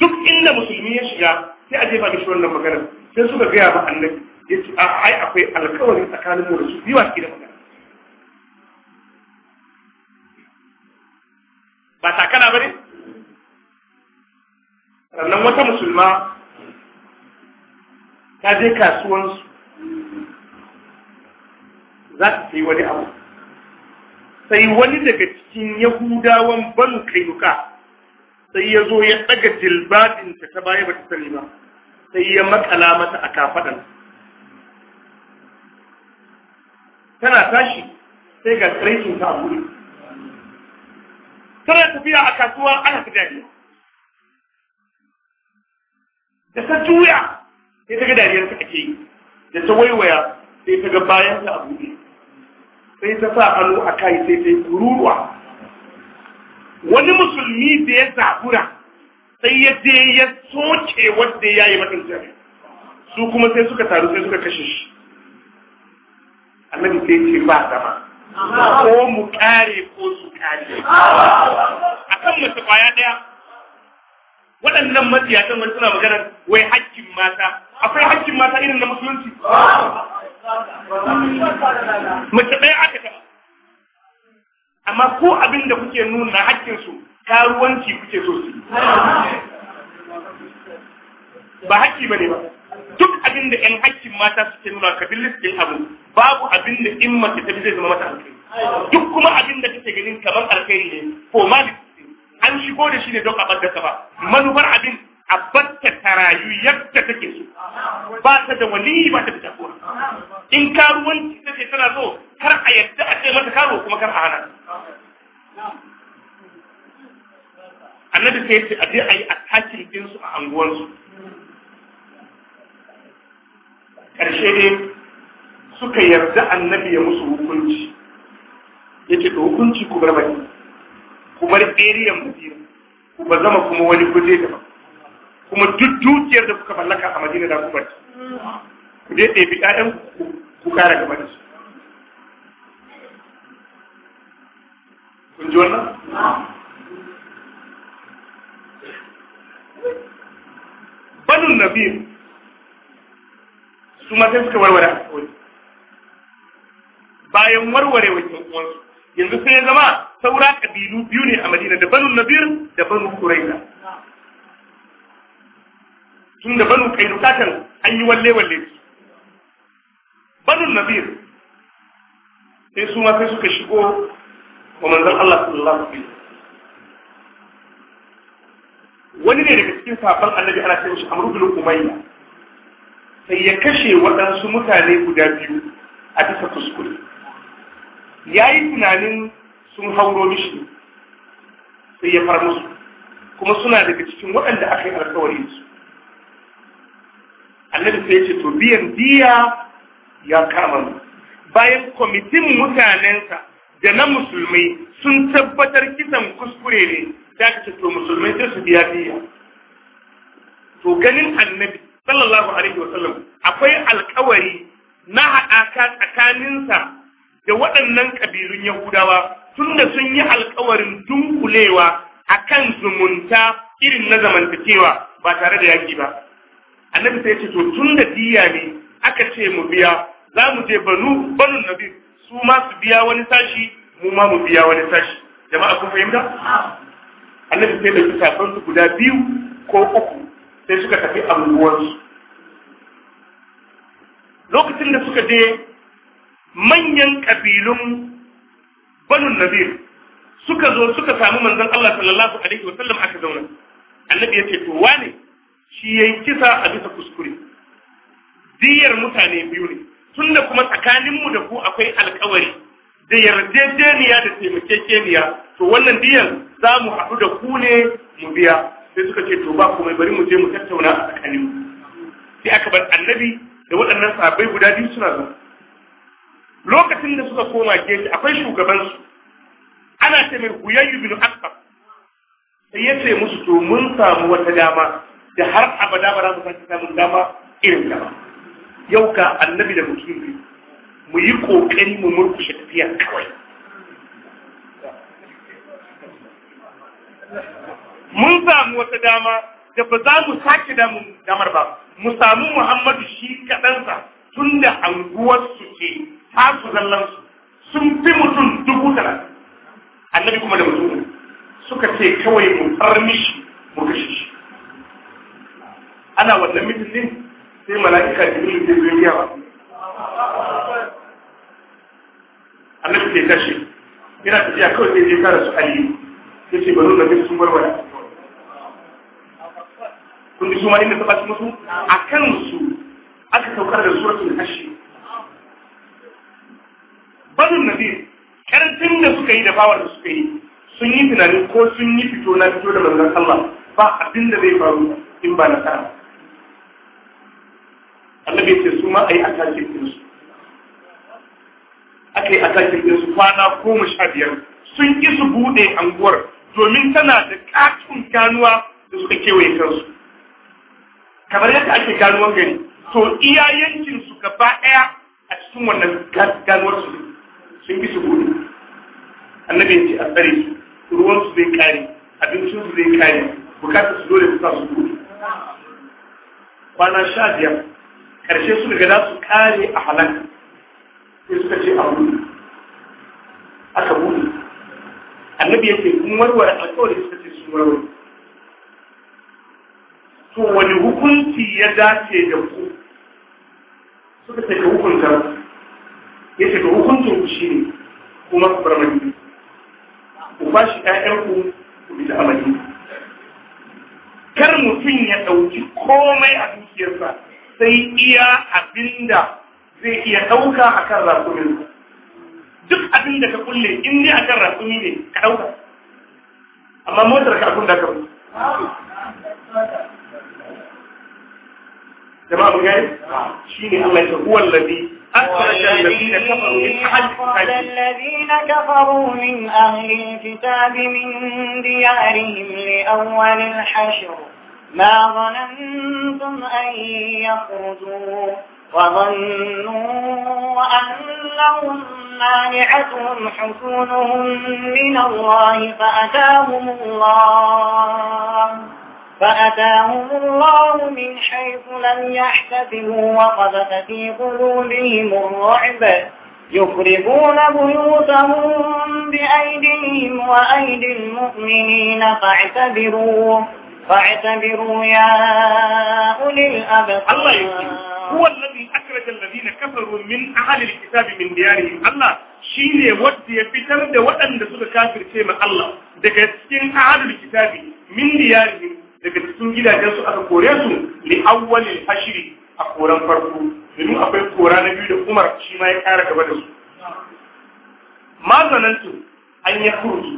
duk inda musulmi ya shiga sai a jefa mishi wannan magana sai suka gaya ma annabi ya ce a ai akwai alkawarin tsakanin mu da su biyu a cikin magana ba takana ba ne sannan wata musulma ta je kasuwansu za ta sai wani abu sai wani daga cikin yahudawan banu kainuka sai ya zo ya ɗaga jilbabinta ta baya ba ta sani ba sai ya makala mata a kafaɗan tana tashi sai ga tsaraikin ta abu tana tafiya a kasuwa ana ta dariya da ta juya sai ta ga dariyar ta ake yi da ta waiwaya sai ta ga bayan ta abu ne sai ta sa hannu a kai sai ta yi wani musulmi da ya zabura sai ya je ya soke wanda ya yi matan su kuma sai suka taru sai suka kashe shi annabi sai ce ba zama ko mu kare ko su kare a kan mace kwaya ɗaya waɗannan matsiyatan wani suna maganar wai hakkin mata akwai hakkin mata irin na musulunci mace ɗaya aka taɓa amma ko abin da kuke nuna hakkinsu karuwanci kuke so su ba hakki ba ne ba duk abin da ‘yan hakkin mata suke nuna ka bilistin abu babu abin da in mace ta zai zama mata alkai duk kuma abin da kake ganin kamar alkai ne ko malik an shigo da shi ne don a ɓaddasa ba manufar abin a batta karayu yadda take so ba ta da wani ba ta da jagora in karuwanci ta ce tana so kar a yadda a ce mata karo kuma kar a hana annabi sai ce a je a yi attacking din su a anguwansu karshe dai suka yarda annabi ya musu hukunci ce da hukunci ku bar baki ku bar area ku ba zama kuma wani kuje ba kuma duk dukiyar da kuka mallaka a madina da kuka ci ku je ɗebi ɗayan ku kara gaba da su kun ji wannan banun nabi su ma sai suka warware kawai bayan warware wajen uwansu yanzu sai ya zama saura ƙabilu biyu ne a madina da banun nabir da banun kuraina tun da banu kai dukatan an yi walle walle banu nazir sai su ma sai suka shigo wa manzon Allah sallallahu alaihi wani ne daga cikin safar annabi ana sai shi amru bin umayya sai ya kashe waɗansu mutane guda biyu a bisa kuskure ya yi tunanin sun hauro mishi sai ya far musu kuma suna daga cikin waɗanda aka yi alkawari su annabi sai ce to biyan diya ya kama bayan kwamitin mutanensa da na musulmai sun tabbatar kisan kuskure ne da aka ce to musulmai sai su biya diya to ganin annabi sallallahu alaihi wa sallam, akwai alkawari na haɗaka tsakaninsa da waɗannan ƙabilun Yahudawa tun da sun yi alkawarin dunkulewa akan zumunta irin na zamantakewa ba tare da yaƙi ba. annabi sai ce to tun da diya ne aka ce mu biya za mu je banu banu nabi su ma su biya wani sashi mu ma mu biya wani sashi jama'a kun fahimta annabi sai su safan su guda biyu ko uku sai suka tafi anguwarsu lokacin da suka je manyan kabilun banu nabi suka zo suka samu manzon Allah sallallahu alaihi wa sallam aka zauna annabi ya ce to wane shi ya yi kisa a bisa kuskure diyar mutane biyu ne tun da kuma tsakaninmu da ku akwai alkawari da yarjejeniya da taimakekeniya to wannan diyar za mu haɗu da ku ne mu biya sai suka ce to ba mai bari mu je mu tattauna a tsakaninmu sai aka bar annabi da waɗannan sabai guda biyu suna zama lokacin da suka koma gefe akwai shugabansu ana ce mai huyayyu bin sai ya ce musu to mun samu wata dama da har abada ba za mu sake samun dama irin ta ba yau ka annabi da mutum biyu mu yi kokari mu murkushe tafiya kawai mun samu wata dama da ba za mu sake damar ba mu samu muhammadu shi kaɗansa tun da anguwarsu ce su zallansu sun fi mutum dubu talatin annabi kuma da mutum suka ce kawai mu tsar mishi mu kashe ana wannan mitin sai mala'ika ke zai zo yawa annabi sai tashi yana tafiya kawai sai je kara su ali ce ba nuna bi sun warware kun ji su inda ta musu a kansu su aka saukar da suratul hashir barin nabi karfin da suka yi da bawar da suka yi sun yi tunanin ko sun yi fito na fito da manzan Allah ba abin da zai faru in ba na annabi ce su ma a yi atakin ɗinsu aka yi atakin ɗinsu kwana goma sha biyar sun ƙi su buɗe anguwar domin tana da ƙatun ganuwa da suka kewaye kansu kamar yadda ake ganuwan gari to iya yankin su gaba ɗaya a cikin wannan ganuwar su sun ƙi su buɗe annabi ce a tsare su ruwan su zai kare abincin su zai kare bukatar su dole su sa su buɗe kwana sha biyar karshe su daga su kare a halaka sai suka ce a wuri aka wuri annabi yake kun warware alkawari suka ce sun warware to wani hukunci ya dace da ku suka ce ka hukunta ya ce ka hukuncin ku shi ne kuma ku bar madina ku bashi shi ƴaƴanku ku bi ta amadina kar mutum ya ɗauki komai a dukiyarsa sai iya abinda zai iya ɗauka a kan rakumin duk abin da ka kulle in dai a kan rakumi ne ka ɗauka amma motar ka abin da ka jama'a mun gani shi ne Allah ya huwa allazi الذين كفروا من أهل الكتاب من ديارهم لأول الحشر ما ظننتم أن يخرجوا وظنوا أنهم مانعتهم حصونهم من الله فأتاهم الله فأتاهم الله من حيث لم يحتسبوا وقذف في قلوبهم الرعب يخربون بيوتهم بأيديهم وأيدي المؤمنين فاعتبروا فاعتبروا يا أولي الأبصار الله يقول هو الذي أخرج الذين كفروا من أهل الكتاب من ديارهم الله shine wanda ya fitar da waɗanda suka kafirce ma Allah daga cikin ahlul kitabi min diyarihim daga cikin gidajen su aka kore su li awwalil ashri a koran farko domin akwai kora na biyu da Umar shi ma ya kara gaba da su mazanantu an ya kuruji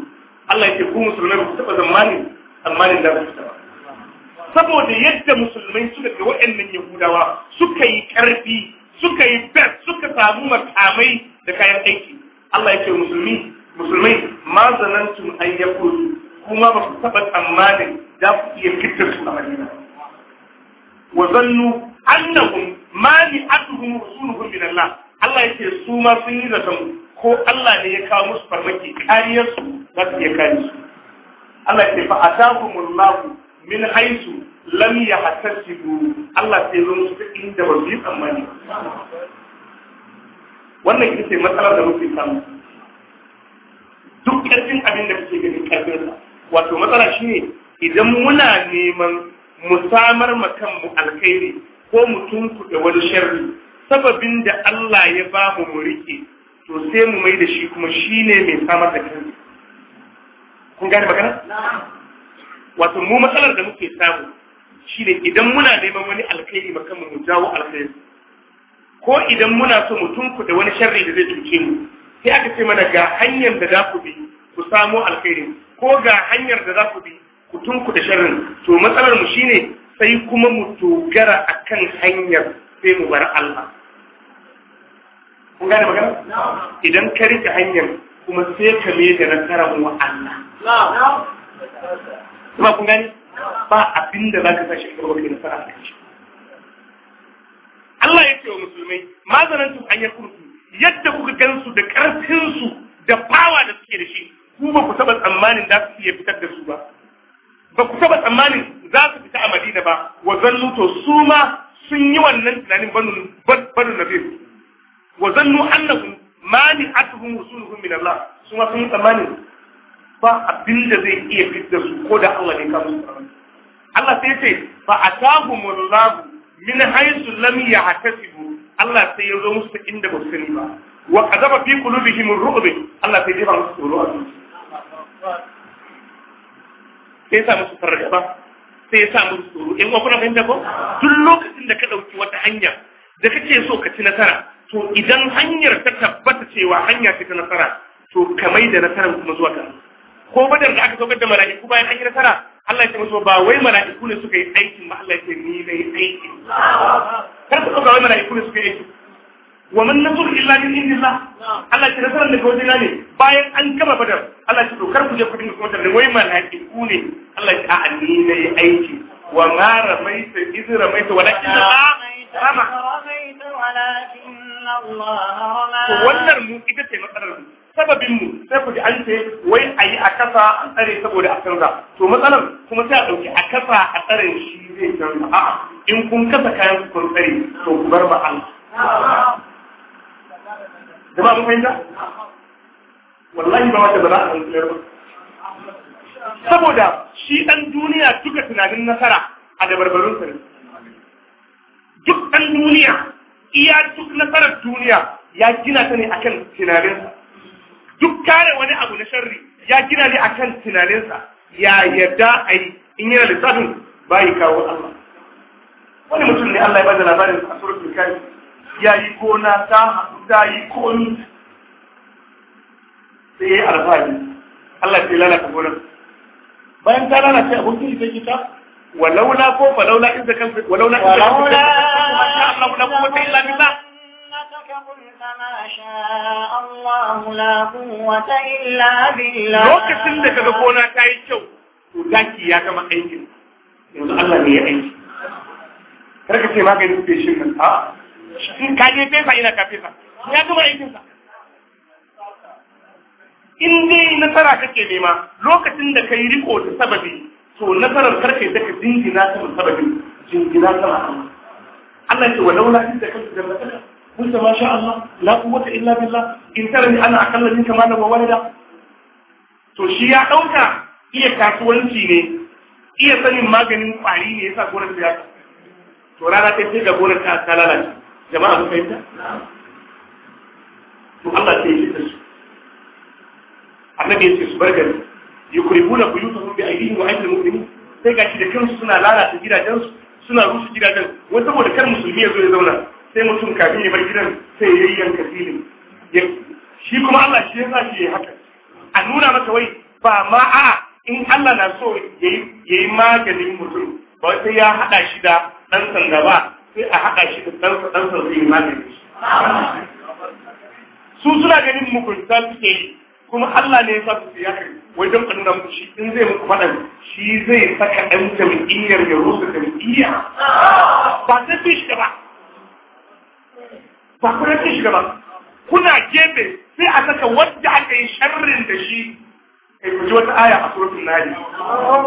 Allah ya ce ku musulmai ku taɓa zamanin tsammanin da su ba saboda yadda musulmai suka ga waɗannan yahudawa suka yi ƙarfi suka yi bet suka samu makamai da kayan aiki Allah ya ce musulmi musulmai ma zanantum an yakulu kuma ba su taɓa tsammanin za ku iya fitar su a Madina wa zannu annahum mani'atuhum rusuluhum min Allah Allah ya ce su sun yi zaton ko Allah ne ya kawo musu farmaki kariyar su za su iya kare su Allah ce fa atakumul lahu min haisu lam yahtasibu Allah sai zo musu inda ba su yi tsammani wannan ita ce matsalar da muke samu duk ƙarfin abin da muke ganin ƙarfinsa wato matsala shine idan muna neman mu samar ma kanmu alkhairi ko mu tunkuɗe wani sharri sababin da Allah ya ba mu mu rike to sai mu mai da shi kuma shine mai samar da kansa kun gane magana wato mu matsalar da muke samu shine idan muna neman wani alkhairi makan mu jawo alkhairi ko idan muna so mu tunku da wani sharri da zai cuce mu sai aka ce mana ga hanyar da za ku bi ku samo alkhairi ko ga hanyar da za ku bi ku tunku da sharrin to matsalar mu shine sai kuma mu dogara akan hanyar sai mu bar Allah kun gane magana idan ka rike hanyar kuma sai ka mai da nasarar wa Allah. Kuma kun gani ba abin da za ka sa shi gaba kai nasara a kan shi. Allah ya ce wa musulmai ma su an yi yadda kuka gansu da ƙarfinsu da bawa da suke da shi ku ba ku taɓa tsammanin za su iya fitar da su ba. Ba ku taɓa tsammanin za su fita a Madina ba wa zannu to su ma sun yi wannan tunanin banu na nabir wa zannu annahum mani atuhum rusuluhum min Allah su ma sun yi ba abin da zai iya fitar su ko da Allah ne ka musu Allah sai ce fa atahumullahu min haythu lam yahtasibu Allah sai ya zo musu inda ba su sani ba wa qadaba fi qulubihim ar-ru'b Allah sai ya ba musu tsoro a zuci sai ya sa musu fargaba sai ya sa musu tsoro in wa kuna fahimta ko duk lokacin da ka dauki wata hanya da kake so ka ci nasara to idan hanyar ta tabbata cewa hanya ce ta nasara to kamai da nasarar kuma zuwa ka ko badar da aka saukar da mala'iku bayan an yi nasara Allah ya ce musu ba wai mala'iku ne suka yi aikin ba Allah ya ce ni na yi aikin kar ku ɗauka wai mala'iku ne suka yi aikin wa man nasur illa min indillah Allah ya ce nasarar da kawai ne bayan an kama badar Allah ya ce to kar ku je ku dinga kuma da wai mala'iku ne Allah ya ce a'a ni na yi aiki wa ma ramaita iz ramaita walakin Allah rama ramaita walakin wannan mu ita ce matsalar mu sababin mu sai ku ji an ce wai a yi a kasa a tsare saboda a canza to matsalar kuma sai a ɗauki a kasa a tsare shi zai canza a'a in kun kasa kayan kun tsare to ku bar ba an jama'a mun fahimta wallahi ba wata ba za a tsare ba saboda shi ɗan duniya duka tunanin nasara a dabarbarunsa ne duk ɗan duniya iya duk nasarar duniya ya gina ta ne akan tunaninsa duk kare wani abu na sharri ya gina ne akan tunaninsa ya yarda a yi in yana lissafin bayi kawo Allah wani mutum ne Allah ya bada labarin a tsoron kai ya yi gona ta haɗu ta yi komi sai ya yi alfahari Allah sai lalata gonar bayan ta lalata abokin ita kita walaula ko falaula in zakan walaula in zakan walaula ko kuma lokacin da kaga gona ta yi kyau to daki ya zama aikin yanzu Allah ne ya aiki kar ka ce maganin feshin nan a shi ka je fesa ina ka fesa ya gama aikin sa in dai nasara kake nema lokacin da kai riko da sababi to nasarar karfe ka jingina ta sababin jingina ta Allah ce wa laula inda kanka da nasara قلت ما شاء الله لا قوة إلا بالله إن ترني أنا أقل منك مالا وولدا to shi ya ɗauka iya kasuwanci ne iya sanin maganin ƙwari ne yasa gonar ta yaka to rana ta ce ga gonar ta ta lalace jama'a mun fahimta to Allah sai ya su annabi ya ce su bar gari yukribuna buyutahum bi aydihim wa aydil mu'minin sai gashi da kansu suna lalata gidajensu suna rushe gidajen wai saboda kar musulmi ya zo ya zauna sai mutum kafin ya bar gidan sai ya yi yanka filin shi kuma Allah shi ya shi ya haka a nuna maka wai ba ma a in Allah na so ya yi maganin mutum ba sai ya haɗa shi da ɗan sanda ba sai a haɗa shi da ɗan sanda sai maganin shi su suna ganin mugunta suke yi kuma Allah ne ya sa su ya kai wajen nuna muku shi in zai muku faɗan shi zai saka ɗan jam'iyyar ya rusa jam'iyya ba sai fi shi ba ba ku nan shiga ba kuna gefe sai a saka wanda aka yi sharrin da shi kai ku ji wata aya a suratul nahl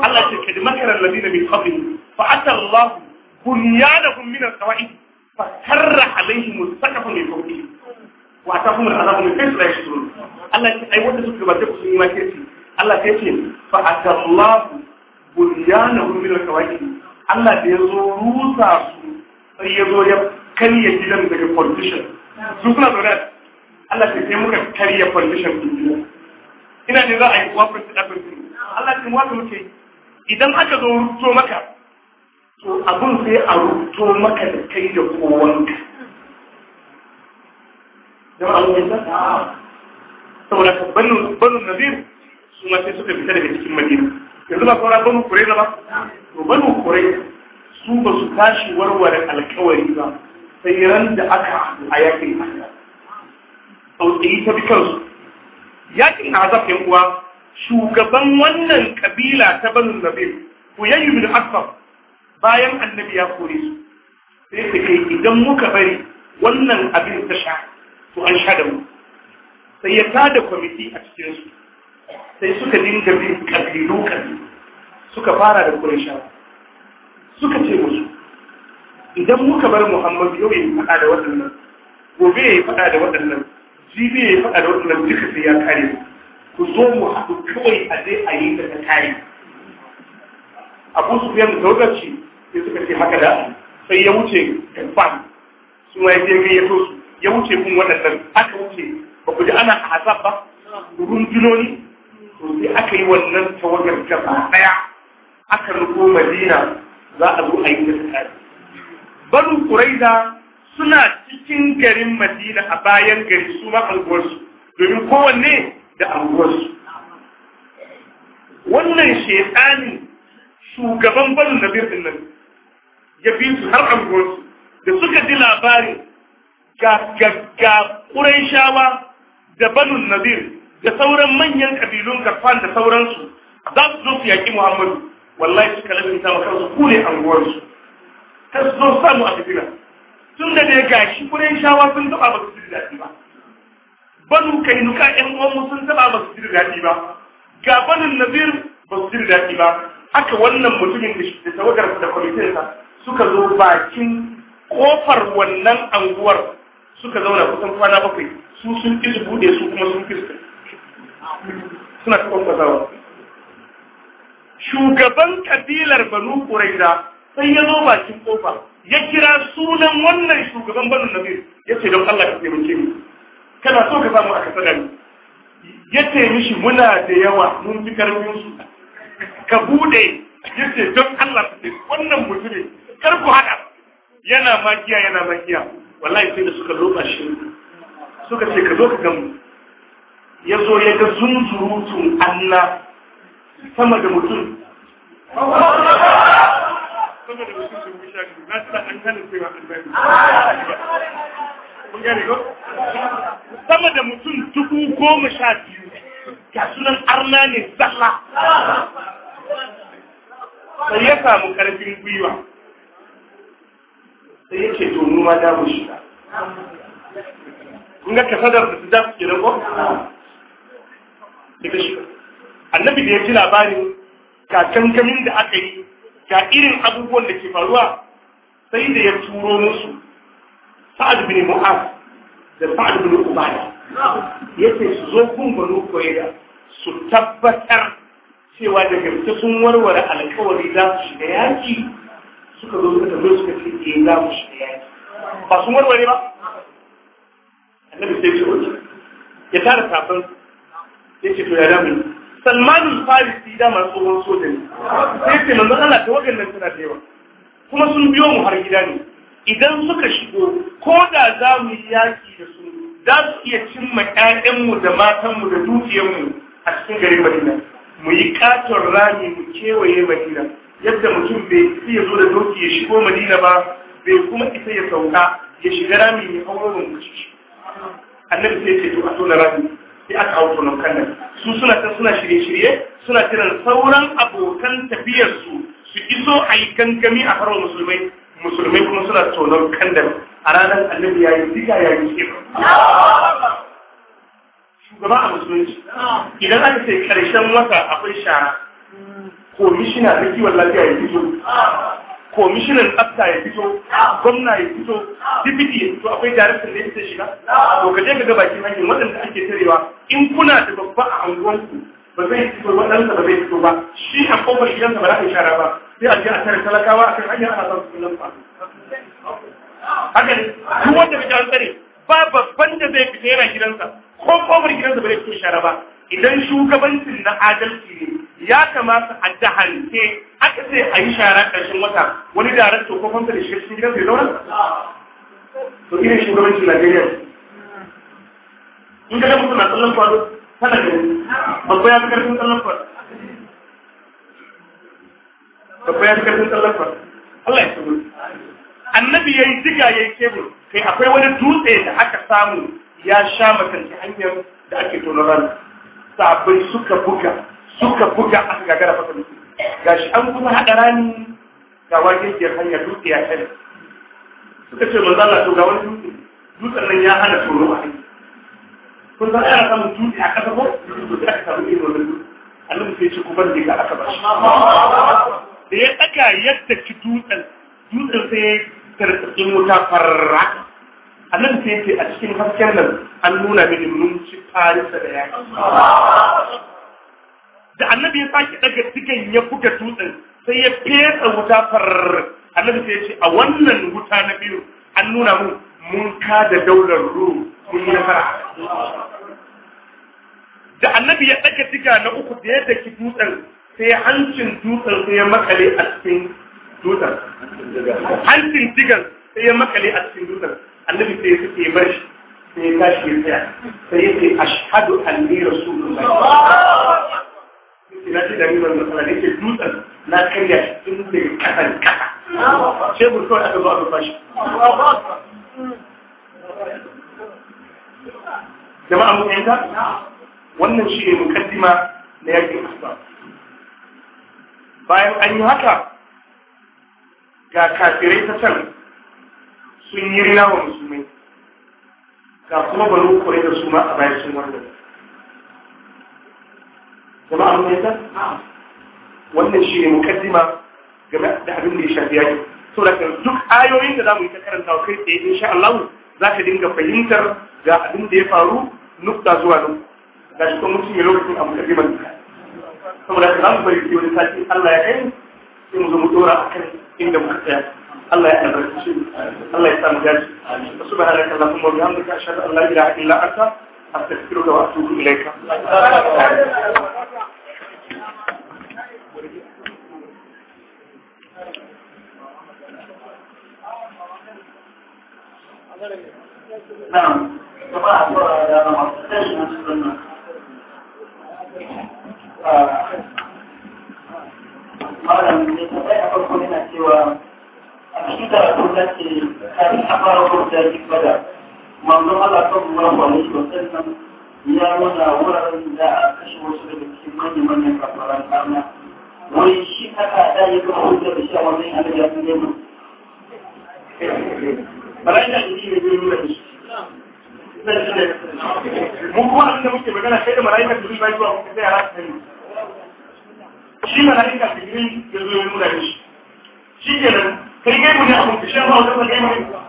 Allah ce kadi makaral ladina min qabli fa ata Allah bunyanahum min al-qawaid fa karra alaihim saqafun min fawqihim wa atahum al-azab min haythu la yashurun Allah ce ai wanda suka gabace ku sun yi makirci Allah ya ce fa ata Allah bunyanahum min al-qawaid Allah da ya zo rusa su sai ya zo ya karya gidan daga condition su suna zaune Allah ce sai muka karya condition din gidan ina ne za a yi wafin da ɗafin Allah ce wata muke idan aka zo rubuto maka to abun sai a rubuto maka da kai da kowanka don alwaisa saboda ka banu nazir su ma sai suka fita daga cikin madina yanzu ba saura banu kuraiza ba to banu kuraiza su ba su tashi warware alkawari ba sai ran da aka a yakin tsautsayi ta bi kansu yakin na azaf yan uwa shugaban wannan kabila ta banu nabil huyayyu bin asfar bayan annabi ya kore su sai su kai idan muka bari wannan abin ta sha to an sha da mu sai ya tada kwamiti a cikin su sai suka dinga bin kabilu kabilu suka fara da kurishawa suka ce musu idan muka bar muhammadu yau ya faɗa da waɗannan gobe ya faɗa da waɗannan jibi ya faɗa da waɗannan duka sai ya kare ku zo mu haɗu kawai a je a yi da kare abu su fiye da sauƙarci suka ce haka da sai ya wuce kan su ma ya je gayyato su ya wuce kun waɗannan aka wuce ba ku ji ana azab ba rundunoni to sai aka yi wannan tawagar gaba ɗaya aka rufo madina za a zo a yi da kare banu quraiza suna cikin garin madina a bayan gari su ma domin kowanne da anguwarsu wannan shekanin shugaban banu nabir din nan ya bi su har anguwarsu da suka ji labarin ga ga quraishawa da banu nabir da sauran manyan kabilun karfan da sauransu za su zo su yaƙi muhammadu wallahi suka labinta wa kansu ku ne anguwarsu ta zo samu a fitina tun da dai gashi kuren shawa sun taba ba su ji daɗi ba banu kai nuka ƴan uwanmu sun taba ba su ji daɗi ba ga banin nazir ba su ji daɗi ba haka wannan mutumin da tawagarsa da kwamitinsa suka zo bakin kofar wannan anguwar suka zauna kusan kwana bakwai su sun ki su bude su kuma sun fiska suna kafan fasawa shugaban kabilar banu ƙuraida sai ya zo bakin kofa ya kira sunan wannan shugaban banu nabi ya ce don Allah ka taimake mu kana so ka samu aka sadani ya ce mishi muna da yawa mun fi karfin su ka bude ya ce don Allah ka taimake wannan mutumin kar ku hada yana magiya yana magiya wallahi sai da suka loka shi suka ce ka zo ka gamu ya zo ya ga zunzurutun Allah sama da mutum saboda mutum na an cewa ko sama da mutum dubu goma sha biyu ga sunan arna ne zalla sai ya samu karfin gwiwa sai ya ce to mu ma mu shiga kun ga kasadar da su da su kira ko daga shiga annabi da ya ji labarin kankamin da aka yi ga irin abubuwan da ke faruwa sai da ya turo musu sa'ad bin mu'az da sa'ad bin ubada ce su zo kun banu koyda su tabbatar cewa da gaske sun warware alkawari za su shiga yaki suka zo suka tambaye suka ce eh za mu shiga yaki ba sun warware ba annabi sai ya wuce ya tara Ya ce to ya damu salmanin farisi dama tsohon soja ne sai ce manzon Allah ta wagan nan tana da yawa kuma sun biyo mu har gida ne idan suka shigo ko da za mu yi yaki da su za su iya cimma ƴaƴanmu da matanmu da mu a cikin garin Madina mu yi katon rami mu kewaye Madina yadda mutum bai isa ya zo da doki ya shigo Madina ba bai kuma isa ya sauka ya shiga rami mai auren mu ciki annabi sai ce to a tona rami sai aka auto nan kan nan su suna ta suna shirye-shirye suna kiran sauran abokan tafiyarsu su iso a yi gangami a farwa musulmai musulmai kuma suna tonon kandar a ranar annabi ya yi diga ya yi ce shugaba a musulunci idan aka ce karshen wata akwai shara komishina na kiwon lafiya ya fito komishinan tsafta ya fito gwamna ya fito dibiti ya fito akwai jarumtar da ya shiga to ka je ka ga bakin hanyar waɗanda ake tarewa in kuna da babba a anguwanku ba zai fito ba ɗansa ba zai fito ba shi a kofar gidansa ba za ka shara ba sai a je a tare talakawa a kan hanyar ana son su ba haka ne duk wanda bai an tsare ba babban da zai fita yana gidansa ko kofar gidansa ba zai fito shara ba idan shugabancin na adalci ne ya kamata a dahance aka sai a yi shara ƙarshen wata wani darakta ko kwamfa da shirkin gidan bai zauna? to irin shugabancin Najeriya in ga mutum na tsallon kwado tana gani babba ya fi karfin tsallon kwado babba ya fi karfin tsallon kwado Allah ya tsoro annabi ya yi diga ya yi kebul kai akwai wani dutse da aka samu ya sha makanta hanyar da ake tono sabai suka buga suka buga aka gagara fasa Ga shi an kuma haɗa rani ga wajen ke hanyar dutse ya tare suka ce manzo Allah to ga wani dutse dutsen nan ya hana tsoro a kai kun san ana samun dutse a ƙasa ko dutse aka samu irin wannan dutse annabi sai ci kuban ga aka ba shi da ya tsaka yadda ci dutsen dutsen sai ya tarkatsin wuta farraka annabi sai ya ce a cikin hasken nan an nuna mini mun ci farisa da yaki da annabi ya sake daga cikin ya buga dutsen sai ya fesa wuta farar annabi sai ya ce a wannan wuta na biyu an nuna mu mun kada daular ru mun yi nasara da annabi ya daga diga na uku da ya daki dutsen sai hancin dutsen sai ya makale a cikin dutsen hancin digan sai ya makale a cikin dutsen annabi sai ya suke bar shi sai ya tashi ya tsaya sai ya ce ashhadu ni rasulullah ina ce da ni wannan matsala ne ke dutsen na karya shi tun daga kasan kasa sai mu kawai aka zo aka fashi jama'a mu yanka wannan shi ne mukaddima na yakin asbab bayan an yi haka ga kafirai ta can sun yi rina wa musulmai ga kuma baro kore da su ma a bayan sun wannan Zama mun yanta wannan shi ne mukaddima game da abin da ya shafi yaki saboda duk ayoyin da zamu yi ta karantawa kai tsaye insha Allah za ka dinga fahimtar ga abin da ya faru nukta zuwa nan ga shi kuma mutum ya lokacin abu da biman saboda za mu bari wani sati Allah ya kai sai mu zo mu dora akan inda muka tsaya Allah ya albarkace Allah ya samu gaji subhanaka allahumma wa bihamdika ashhadu an la ilaha illa anta أستغفرك وأتوب إليك نعم صباح يا malam ne ta bai a farko yana cewa a cikin karatu na ce kafin a fara manzon Allah sallallahu alaihi wa sallam ya mana wuraren da a kashe wasu daga cikin manyan manyan kafaran arna wai shi haka da ya kafa hujjar da shi sha wannan annabi ya san yamma bayan da shi ne nuna shi mun kuma abin da muke magana sai da mala'ika da zuwa zuwa muka sai ala ta shi mala'ika da girin ya zo ya nuna shi shi kenan kai gaibu ne a mutu shi ba wata kai mai ba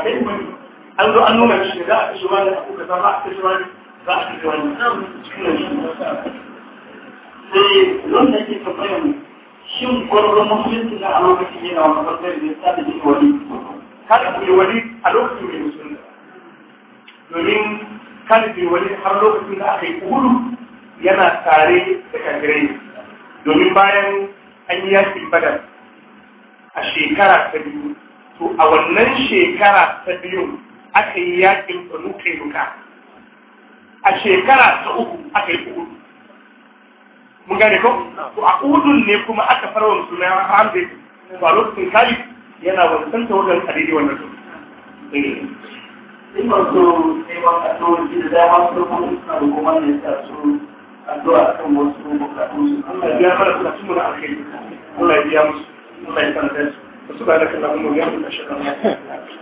kai mai an zo an nuna shi za a kashe wani abu ka za a kashe wani za a kashe wani sai wanda eh, yake tambaya ne shin gwargwaron musulunci na a lokacin yana wani bangare ne ta da jini wani kada ku yi wani a lokacin mai musulunci domin kada ku yi wani har lokacin da aka yi kudu yana tare da kangirai domin bayan an yi yakin badar a shekara ta biyu to a wannan shekara ta biyu aka yi yakin banu taimaka. a shekara ta uku aka yi uhudu mun gane ko to a uhudun ne kuma aka farwa musulmai a hamdi ba a lokacin khalid yana wancan ta wajen adidi wannan su eh. in ba so sai ba da ne kan Allah ya biya mana bukatun na alheri Allah ya biya musu Allah ya kanta su su ba da kallon mu ya mun da shakka